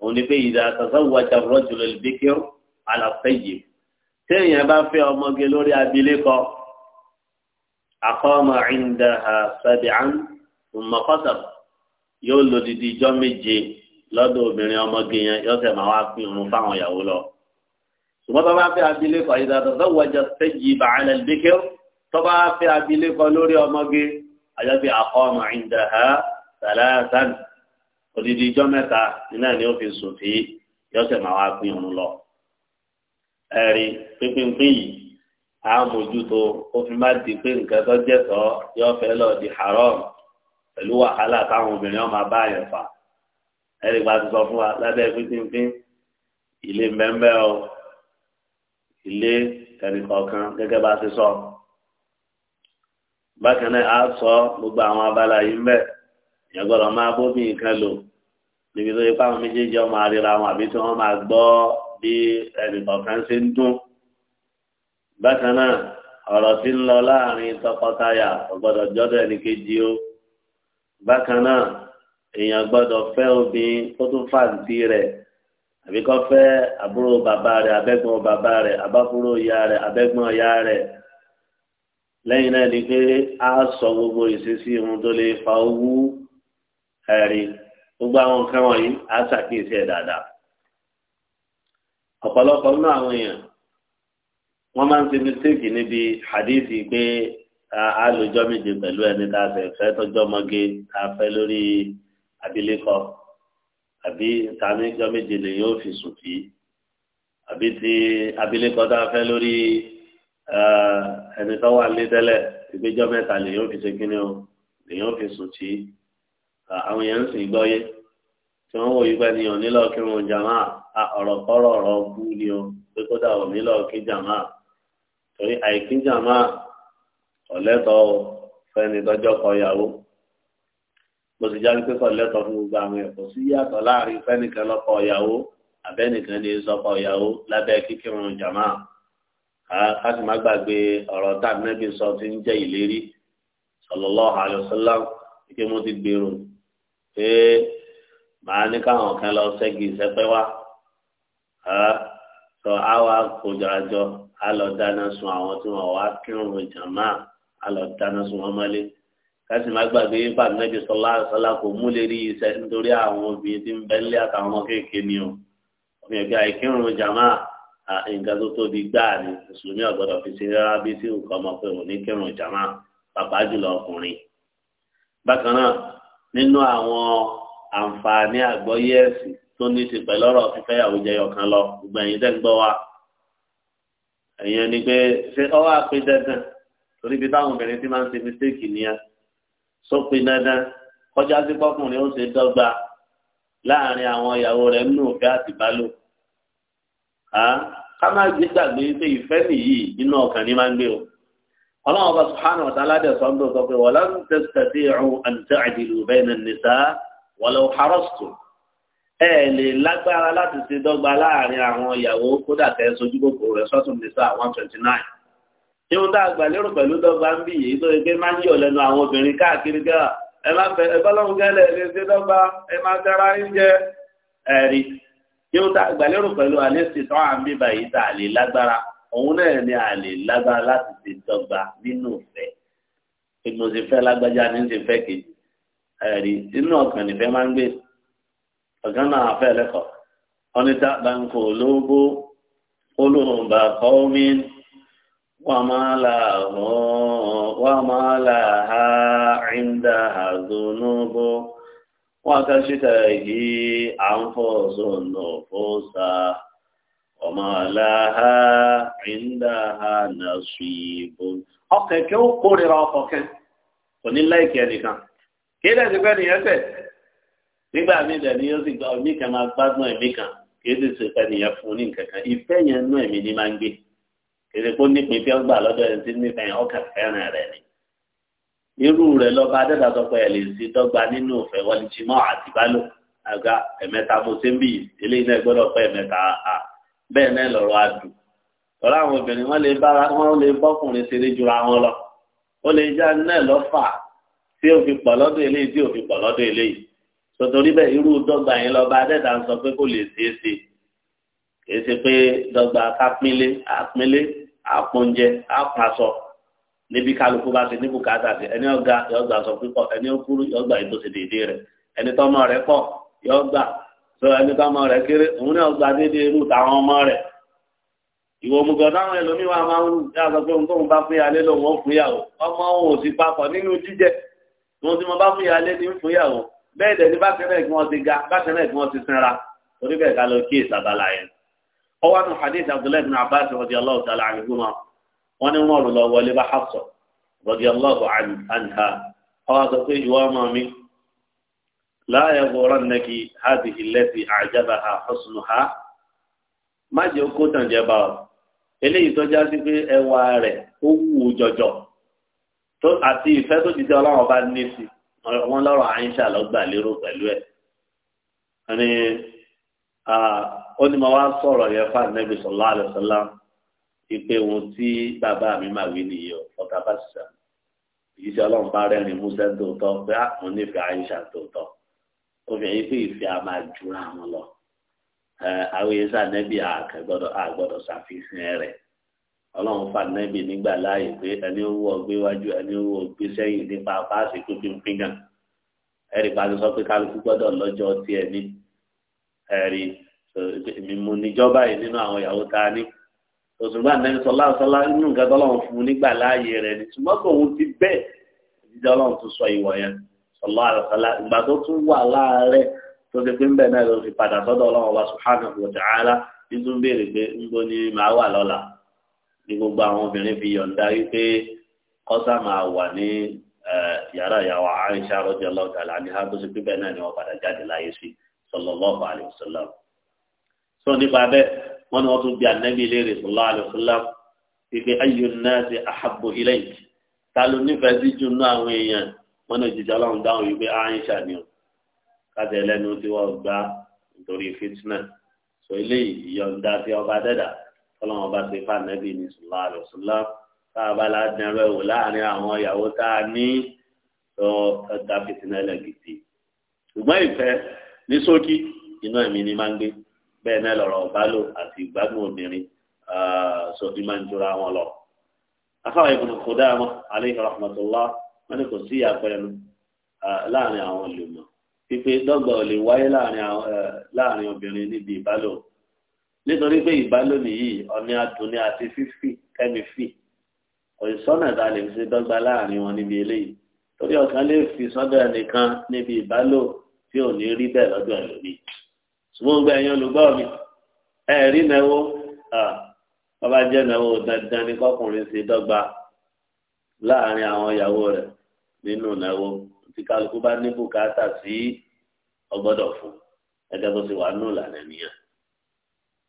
A: òun ni pé ìdá tazawwaja ar-rajul al-bikr ala tayyib téèyàn bá fẹ́ ọmọge lórí abilékọ akọ́mọ indaha sab'an thumma qatar yóò lò dídí méje lọ́dọ̀ obìnrin ọmọge yẹn yọ́sẹ̀ máa wá pín òun fáwọn ìyàwó lọ. ṣùgbọ́n tó bá fẹ́ abilékọ ìdàtọ̀ tó wọjọ sẹ́jì bàálẹ̀ bíkẹ́ tó bá fẹ́ abilékọ lórí ọmọge àjọbí àkọ́ọ̀mù ìdàhà sàlẹ́sàn odidi ijọ́ mẹ́ta iná ni ó fi sùn tí yọ́sẹ̀ máa wá pín òun lọ. ẹ̀rí pínpín yìí á mójútó ó fi má di pé nǹkan tó jẹ́ tọ́ fẹ́ lọ di haram pẹ̀lú wàhálà táwọn obìnrin ọmọ abáyọ̀ fà ẹ̀rí gba ti sọ fún wa lábẹ́ pínpín ilé mbẹ́mbẹ́ o ilé ẹ̀rí kọ̀ọ̀kan gẹ́gẹ́ bá ti sọ. bákan náà a sọ gbogbo àwọn abala yìí mbẹ́ ìyẹn gbọ́dọ̀ máa bóbi nǹkan lò níbi tó yẹ fáwọn méjèèjì ọmọ àríra wọn àbí tí wọ́n máa gbọ́ bí ẹ̀rí kọ̀ọ̀kan ṣe ń dún. bákan náà ọ̀rọ̀ tí ń lọ láàrin tọkọtaya ọ̀gbọ́dọ̀ jọ́dọ̀ ẹnìkejì o bákan náà èèyàn gbọ́dọ̀ fẹ́ obìnrin kó tún fàǹtì rẹ̀ àbí kó fẹ́ àbúrò bàbá rẹ̀ abẹ́gbọ́n bàbá rẹ̀ abáfúrò ìyá rẹ̀ abẹ́gbọ́n ìyá rẹ̀ lẹ́yìn náà ni pé a sọ gbogbo ìṣesí ohun tó lè fa owú ẹ̀rí gbogbo àwọn nǹkan wọ̀nyí a ṣàkíyèsí ẹ̀ dáadáa ọ̀pọ̀lọpọ̀ nínú àwọn èèyàn wọ́n máa ń ṣe mistake níbi hadithi pé a lò jọ́ méje pẹ̀lú ẹni tá a fẹ́ fẹ́ tọ́jọ́ mọ́gé tá a fẹ́ lórí abilékọ àbí tàbí jọ méje lè yóò fi sùn tì í àbí ti abilékọ tá a fẹ́ lórí ẹni tó wà lé tẹ́lẹ̀ ìgbẹ́jọ́ mẹ́ta lè yóò fi ṣe kíni o lè yóò fi sùn tì í àwọn èèyàn ń sìn gbọ́ yé tí wọ́n wò yí pé ènìyàn nílò kí wọn jàmá ọ̀rọ̀ kọ́rọ̀ ọ̀rọ̀ bú ni o pé kódà ò nílò kí jàmá torí àìkí jàmá ọ̀lẹ́tọ̀ọ́ fẹ́ni tọ́jọ́ kọ ìyàwó bó ti jáde pé kọ̀lẹ́tọ̀ fún gbogbo àwọn ẹ̀kọ́ sí yàtọ̀ láàrin fẹ́nìkan lọ́kọ ìyàwó abẹ́nìkan ní sọ́kọ ìyàwó lábẹ́ kíkírun jàmá ká sì má gbàgbé ọ̀rọ̀ tá a nẹ́bí sọ ti ń jẹ́ ìlérí sallallahu alaihi wasallam pé mo ti gbèrò pé màá ní káwọn kan lọ ṣẹ́gi ìṣẹ́pẹ́ wá sọ àwa kójọ àjọ á dáná sun àwọn tí wọn wá kírun jàmá á dáná sun wọn mọ́lé kásì má gbàgbé yípa nẹ́bí sọlá sọlá kò múlẹ̀ rí iṣẹ́ nítorí àwọn obìnrin tí ń bẹ nílé àtàwọn ọmọ kéèké ni o ọmọ ìgbà ìkírun jàmá nǹkan tó tóbi gbáà ni mùsùlùmí ọ̀gbọ́dọ̀ fi ṣe rárá bí tí nǹkan ọmọ pé òun ní kírun jàmá pàpà jùlọ ọkùnrin. bákan náà nínú àwọn àǹfààní àgbọ́yé ẹ̀sìn tó ní ti pẹ̀lú ọ̀rọ̀ fífẹ́yàwó jẹyọ kan lọ gbogbo ẹ̀yin tẹ́ ń gbọ́ wa ni pé ṣé ọwọ́ àpéjẹ náà torí bí táwọn obìnrin ti máa ń sópin dandan kọjá sí pọkùnrin ó ṣe dọ́gba láàrin àwọn ìyàwó rẹ̀ nínú òfin àti ìbálò ká má gbé gbàgbé pé ìfẹ́ nìyí nínú ọkàn ní máa ń gbé o ọlọ́run ọba subhanahu wa ta'ala dẹ̀ sọ́ńdọ̀ sọ pé wọ́n lọ́n tẹ̀sítẹ̀tì ìrùn àǹtẹ̀ àdìlù bẹ́ẹ̀ nà nìta wọ́n lọ́ harọ́sùtù ẹ lè lágbára láti ṣe dọ́gba láàrin àwọn ìyàwó kódà tẹ̀ sojú kòkòrò rẹ̀ sọ́tún nìta one twenty nine ṣé wọn tá a gbà lérò pẹ̀lú dọ́gba ń bì yìí tó yẹ pé máa ń yọ̀ lẹ́nu àwọn obìnrin káàkiri gá ah, ẹ má fẹ́ ẹ bọ́lọ́hún gẹ́lẹ́ ẹ ṣe dọ́gba ẹ má tẹ́ra ń jẹ ẹ̀rí ṣé wọn tá a gbà lérò pẹ̀lú alẹ́ sì tán à ń bíbà yìí tá a lè lágbára òun náà ni a lè lágbára láti ṣe dọ́gba nínú ìfẹ́ ìmọ̀ sì fẹ́ lágbájá ní ti fẹ́ kejì ẹ̀rí inú ọkàn nìfẹ́ máa ń gbé ọ̀gán náà fẹ́ lẹ́kọ̀ọ́ وما له وما لها عندها ذنوب وتشتهي أنفس نفوسا وما لها عندها نصيب ọkẹ kí ó kórira ọkọ kẹ kò ní láìkì ẹnìkan kí ẹ dẹ́sí pé nìyẹn tẹ̀ nígbà míì dẹ̀ ni yóò sì gba omi kan máa gbádùn ẹ̀mí kan kí ẹ sì ṣe pé nìyẹn fún un nǹkan kan ìfẹ́ yẹn nú ẹ̀mí ni máa ń gbé èrèkó nípìn tí ó gbà lọ́dọ̀ ẹni tí nífẹ̀ẹ́ ọkà fẹ́ràn rẹ̀ ni irú rẹ̀ lọ́ba adẹ́ta sọ pé ẹ̀ lè sí dọ́gba nínú òfẹ́ wọlé jimọ́ àti bálò àga ẹ̀mẹ́ta mo ṣe ń bì eléyìí náà gbọ́dọ̀ pé ẹ̀mẹ́ta à bẹ́ẹ̀ náà lọ́rọ̀ adùn tọ́lá àwọn obìnrin wọ́n lè bára wọ́n lè bọ́kùnrin ṣeré jura wọn lọ ó lè já náà lọ́fà tí ó fi pọ̀ lọ́dọ̀ eléyìí tí ó fi pọ̀ àpọ́njẹ àpàṣọ níbi kálukú bá ti níbù káàtà sí ẹni ọ̀gá yọ gbà sọ pípọ̀ ẹni òkúrú yọ gbà ètò ṣe déédéé rẹ̀ ẹni tọ́mọ rẹ̀ pọ̀ yọ gbà sọ ẹni tọ́mọ rẹ̀ kéré òun náà gbà déédéé irú tàwọn ọmọ rẹ̀ ìwọ òmùgọ̀ táwọn ẹlòmíín wa máa ń rù yá sọ pé òun tóun bá fún yàlé lòun ó fún yàwó ọmọ òun ò sì papọ̀ nínú jíjẹ òun tí mo bá fún yàlé ní fún yàwó bẹ́ẹ̀ dẹ̀ ní bákan náà kí wọ́n ti ga bákan náà kí wọ́n ti sinra torí ká lọ kí èsì yẹn. ọwọ́ àti hadith abdullahi bin abbas radiyallahu ta'ala anhuma wọ́n ní wọn lọ wọlé bá hafsọ radiyallahu anha ọwọ́ sọ pé ìwọ ọmọ mi láàyè wọ́rọ̀ nàkì hadhihi allati a'jabaha husnuha má jẹ́ kó tàn ọ eléyìí tó já sí pé ẹwà rẹ̀ ó wù ú jọjọ àti ìfẹ́ tó ti ọlọ́run ọba ní sí wọn lọ́rọ̀ lọ́gbà lérò pẹ̀lú ó ní mo wá sọ̀rọ̀ yẹn fún anabi sallallahu alaihi wasallam ìpè ohun tí bàbá mi máa wí nìyí o ọ̀tá bá ṣiṣà èyí tí ọlọ́run bá rẹ́rìn músẹ́ tòótọ́ pé àwọn ah, onífẹ̀ẹ́ àyíṣà tòótọ́ obìnrin pé ìfẹ́ a máa jura wọn lọ àwọn èyí sànẹ́bì àgbọ̀dọ̀ àgbọ̀dọ̀ ṣàfihàn rẹ̀ ọlọ́run fànẹ́bì nígbà láàyè pé ẹni owó ọgbẹ́ wájú ẹni owó ọgbẹ́ sẹ́yìn nípa páàsì tó fi ń pín gàn ẹ̀rì pàṣẹ sọ pé kálukú gbọ́dọ̀ lọ́jọ́ tiẹ̀ ní ẹ̀rí mímú níjọba yìí nínú àwọn ìyàwó tá a ní òṣùgbà nẹ́ni sọlá sọlá inú nǹkan tó lọ́wọ́ fún un nígbà láàyè rẹ̀ ni ṣùgbọ́n kò òun ti bẹ́ẹ̀ jíjẹ́ ọlọ́run tó sọ ìwọ̀ yẹn sọlá sọlá ìgbà tó tún wà láàárẹ̀ tó ti pín bẹ́ẹ̀ náà ló fi padà sọ́dọ̀ ọlọ́run ọba subhanahu wa ta'ala nínú béèrè pé ńbo ni màá wà lọ́la ní gbogbo àwọn obìnrin fi yọ̀ǹda wípé kọ́sà máa wà ní yàrá ìyàwó Aisha radiyallahu ta'ala anha sallallahu alayhi wa sallam sọ nípa bẹ́ẹ̀ wọ́n ní wọ́n tún bí anabi léèrè sallallahu alayhi wa sallam ibi ayu nnaasi ahabbu ilayki ta ló nífẹ̀ẹ́ sí jù náà àwọn èèyàn wọ́n ní òjijì ọlọ́run dáhùn yìí pé Aisha ni ọ káàtẹ lẹ́nu tí wọ́n gbá nítorí fitna sọ eléyìí ìyọ̀ǹda tí ọba dẹ́dà ọlọ́run ọba ti fa nẹ́bí ní sallallahu alayhi tá a bá ládùn ẹrọ láàrin àwọn ìyàwó tá a ní ṣùgbọ́n ìfẹ́ ní ṣókí inú ẹ̀mí ni máa ń gbé bẹ́ẹ̀ náà lọ́rọ̀ ọ̀bálò àti ìgbádùn obìnrin ah, sọ̀bí máa ń jura wọn lọ. afáwọn ìbùnú kò dáa mọ́ aleyhi rahmatullah wọn ni kò sí àpẹẹrẹ ah, láàrin àwọn olùmọ̀ pípé dọ́gba ò lè wáyé eh, láàrin obìnrin níbi ìbálò nítorí pé ìbálò nìyí ọ̀ní àtúní àti fífì kẹ́mi fì òṣìṣọ́nà tá lè fi ṣe dọ́gba láàrin wọn níbi eléyìí torí ọ̀kan lè fi sọ́dọ̀ ẹnìkan níbi ìbálò tí ò ní rí bẹ́ẹ̀ lọ́dọ̀ ẹlòmí ṣùgbọ́n gbẹ ẹ̀yin olùgbọ́ mi ẹ rí náwó bàbá jẹ́ náwó dandan ní kọkùnrin ṣe dọ́gba láàrin àwọn ìyàwó rẹ̀ nínú náwó tí kálukú bá ní bùkátà sí ọgbọ́dọ̀ fún ẹgbẹ́ bó ṣe wà nù lànà nìyẹn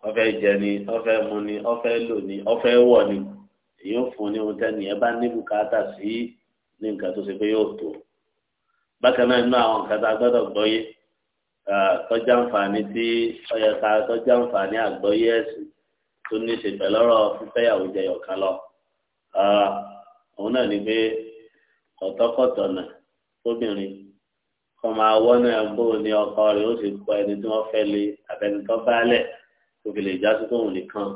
A: ọfẹ́ jẹ ni ọfẹ́ mu ni ọfẹ́ lò ni ọfẹ́ wọ̀ ni èyí ò fún ní ohun tẹ́ni ẹ bá ní bùkátà sí ní nǹkan tó ṣe pé yóò tó o bákan náà inú àwọn nǹkan tá a gbọ́dọ̀ gbọ́yé tọ́jà nfààní tí ọyọ ta tọ́jà nfààní àgbọ́yé ẹ̀sìn tó ní ṣe pẹ̀lú ọ̀rọ̀ fífẹ́yàwó jẹyọ kan lọ. òun náà ni pé ọ̀tọ́kọ̀tọ̀nà fóbìnrin kọ́ máa wọ́nà bó ni ọkọ rẹ̀ ó sì kọ ẹni tí wọ́n fẹ́ lé àtẹnitọ́ bálẹ̀ kò fi lè já sí tóun nìkan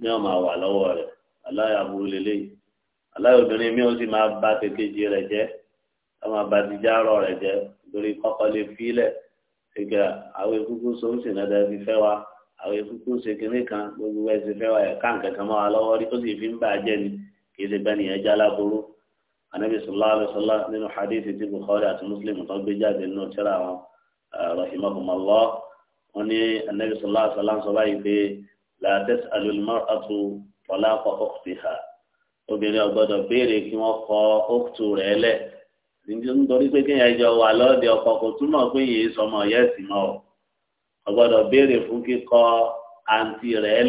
A: ní ọmọ àwà lọ́wọ́ rẹ̀ aláyàwó lélẹ́yìn aláyàwó obìnrin mi ó sì máa bá kékeré rẹ̀ jẹ́ ọmọ abadijá rọ rẹ jẹ lórí kọkọ lè filẹ ṣègbè àwọn ekuku sọmùsì náà dẹbi fẹ wa àwọn ekuku ṣèkínní kan gbogbo ẹsẹ fẹ wa ẹka nkankan mọ wa lọ́wọ́ rí ó sì fi ń bà jẹ ni kì í ṣe bẹ́ẹ̀ nìyẹn já láboró anabi sallallahu alayhi wa sallam nínú hadithi ti bukhari àti muslim tó gbé jáde nínú tíra wọn rahimahumallah wọn ní anabi sallallahu alayhi wa sallam sọ báyìí pé la tas'alu al-mar'atu talaqa ukhtiha obìnrin ò béèrè kí wọn kọ ọkùtù rẹ lẹ. nítorí pé kéèyàn jọ wà lọ́ọ̀dẹ ọkọ̀ kò túmọ̀ pé yìí sọmọ yẹ́ sì mọ́ ọ ọgbọ́dọ̀ béèrè fún kíkọ àǹtí rẹ̀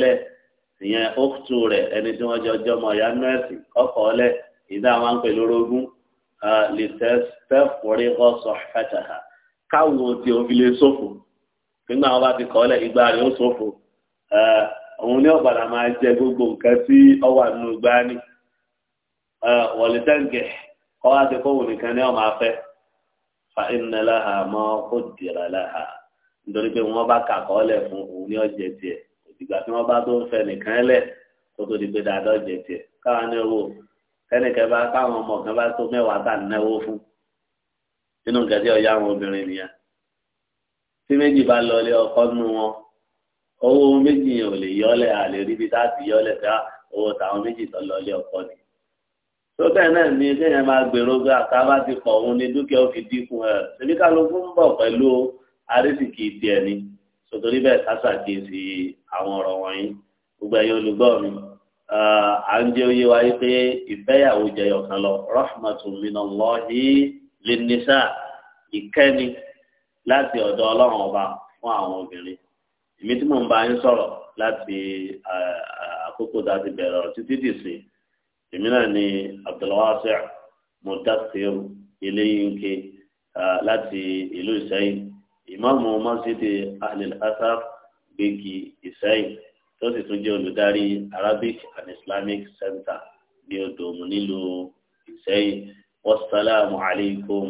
A: ìyẹn ókùtù rẹ̀ ẹni tí wọ́n jọ nọ́ọ̀sì kọ́kọ́ lẹ̀ ìdá wọn pè lórógún fúrí káwọn o lè nígbà wọn bá ti kọ́ lẹ̀ ìgbà rẹ̀ ó sófò òun ní ọ̀padà máa jẹ gbogbo nǹkan tí kọ́ wá sí kóhùn nìkan ní ọmọ afẹ́ fa iná láha mọ́ kó dìrà láha nítorí pé wọ́n bá kà kọ́ lẹ̀ fún òun ní ọ̀jẹ̀ tiẹ̀ òdìgbà tí wọ́n bá tó ń fẹ́ nìkan lẹ̀ kó tó di pé dáadọ́ ọ̀jẹ̀ tiẹ̀ káwọn ní owó kẹ́nìkan bá káwọn ọmọ kan bá tó mẹ́wàá tà náwó fún nínú nǹkan tí ọ̀yá àwọn obìnrin nìyẹn tí méjì bá lọlé ọkọ nù wọn owó méjì yẹn ò lè yọlẹ̀ àlè ríbi láti yọlẹ̀ fẹ́ ah, owó táwọn méjì tó lọlé ọkọ ni tó bẹ́ẹ̀ náà ni kéèyàn máa gbèrò gbé àkàbà ti pọ̀ òun ni dúkìá ó fi dínkù ẹ̀ ṣèbí kálukú ń bọ̀ pẹ̀lú àrísìkì tiẹ̀ ni sòtòrí bẹ́ẹ̀ kásà kí n àwọn ọ̀rọ̀ wọ̀nyí gbogbo ẹ̀yin olùgbọ́ à ń jẹ́ oyé wáyé pé ìfẹ́yàwó jẹyọ̀ kan lọ rahmatun minallahi linnisa ìkẹ́ni láti ọ̀dọ̀ ọlọ́run ọba fún àwọn obìnrin èmi tí mò ń bá yín sọ̀rọ̀ láti àkókò tá bẹ̀rẹ̀ ọ̀rọ̀ títí dì sí i èmi náà ni abdulwasi mudassir eléyìnke láti ìlú ìsẹ́yìn ìmáàmù masjidi ahlil asaf gbégi ìsẹ́yìn tó sì tún jẹ́ olùdarí arabic and islamic center ní odò òmù nílùú ìsẹ́yìn wasalaamu alaykum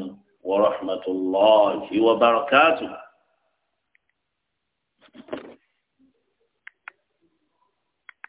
A: wa rahmatulahi wa barakatuh.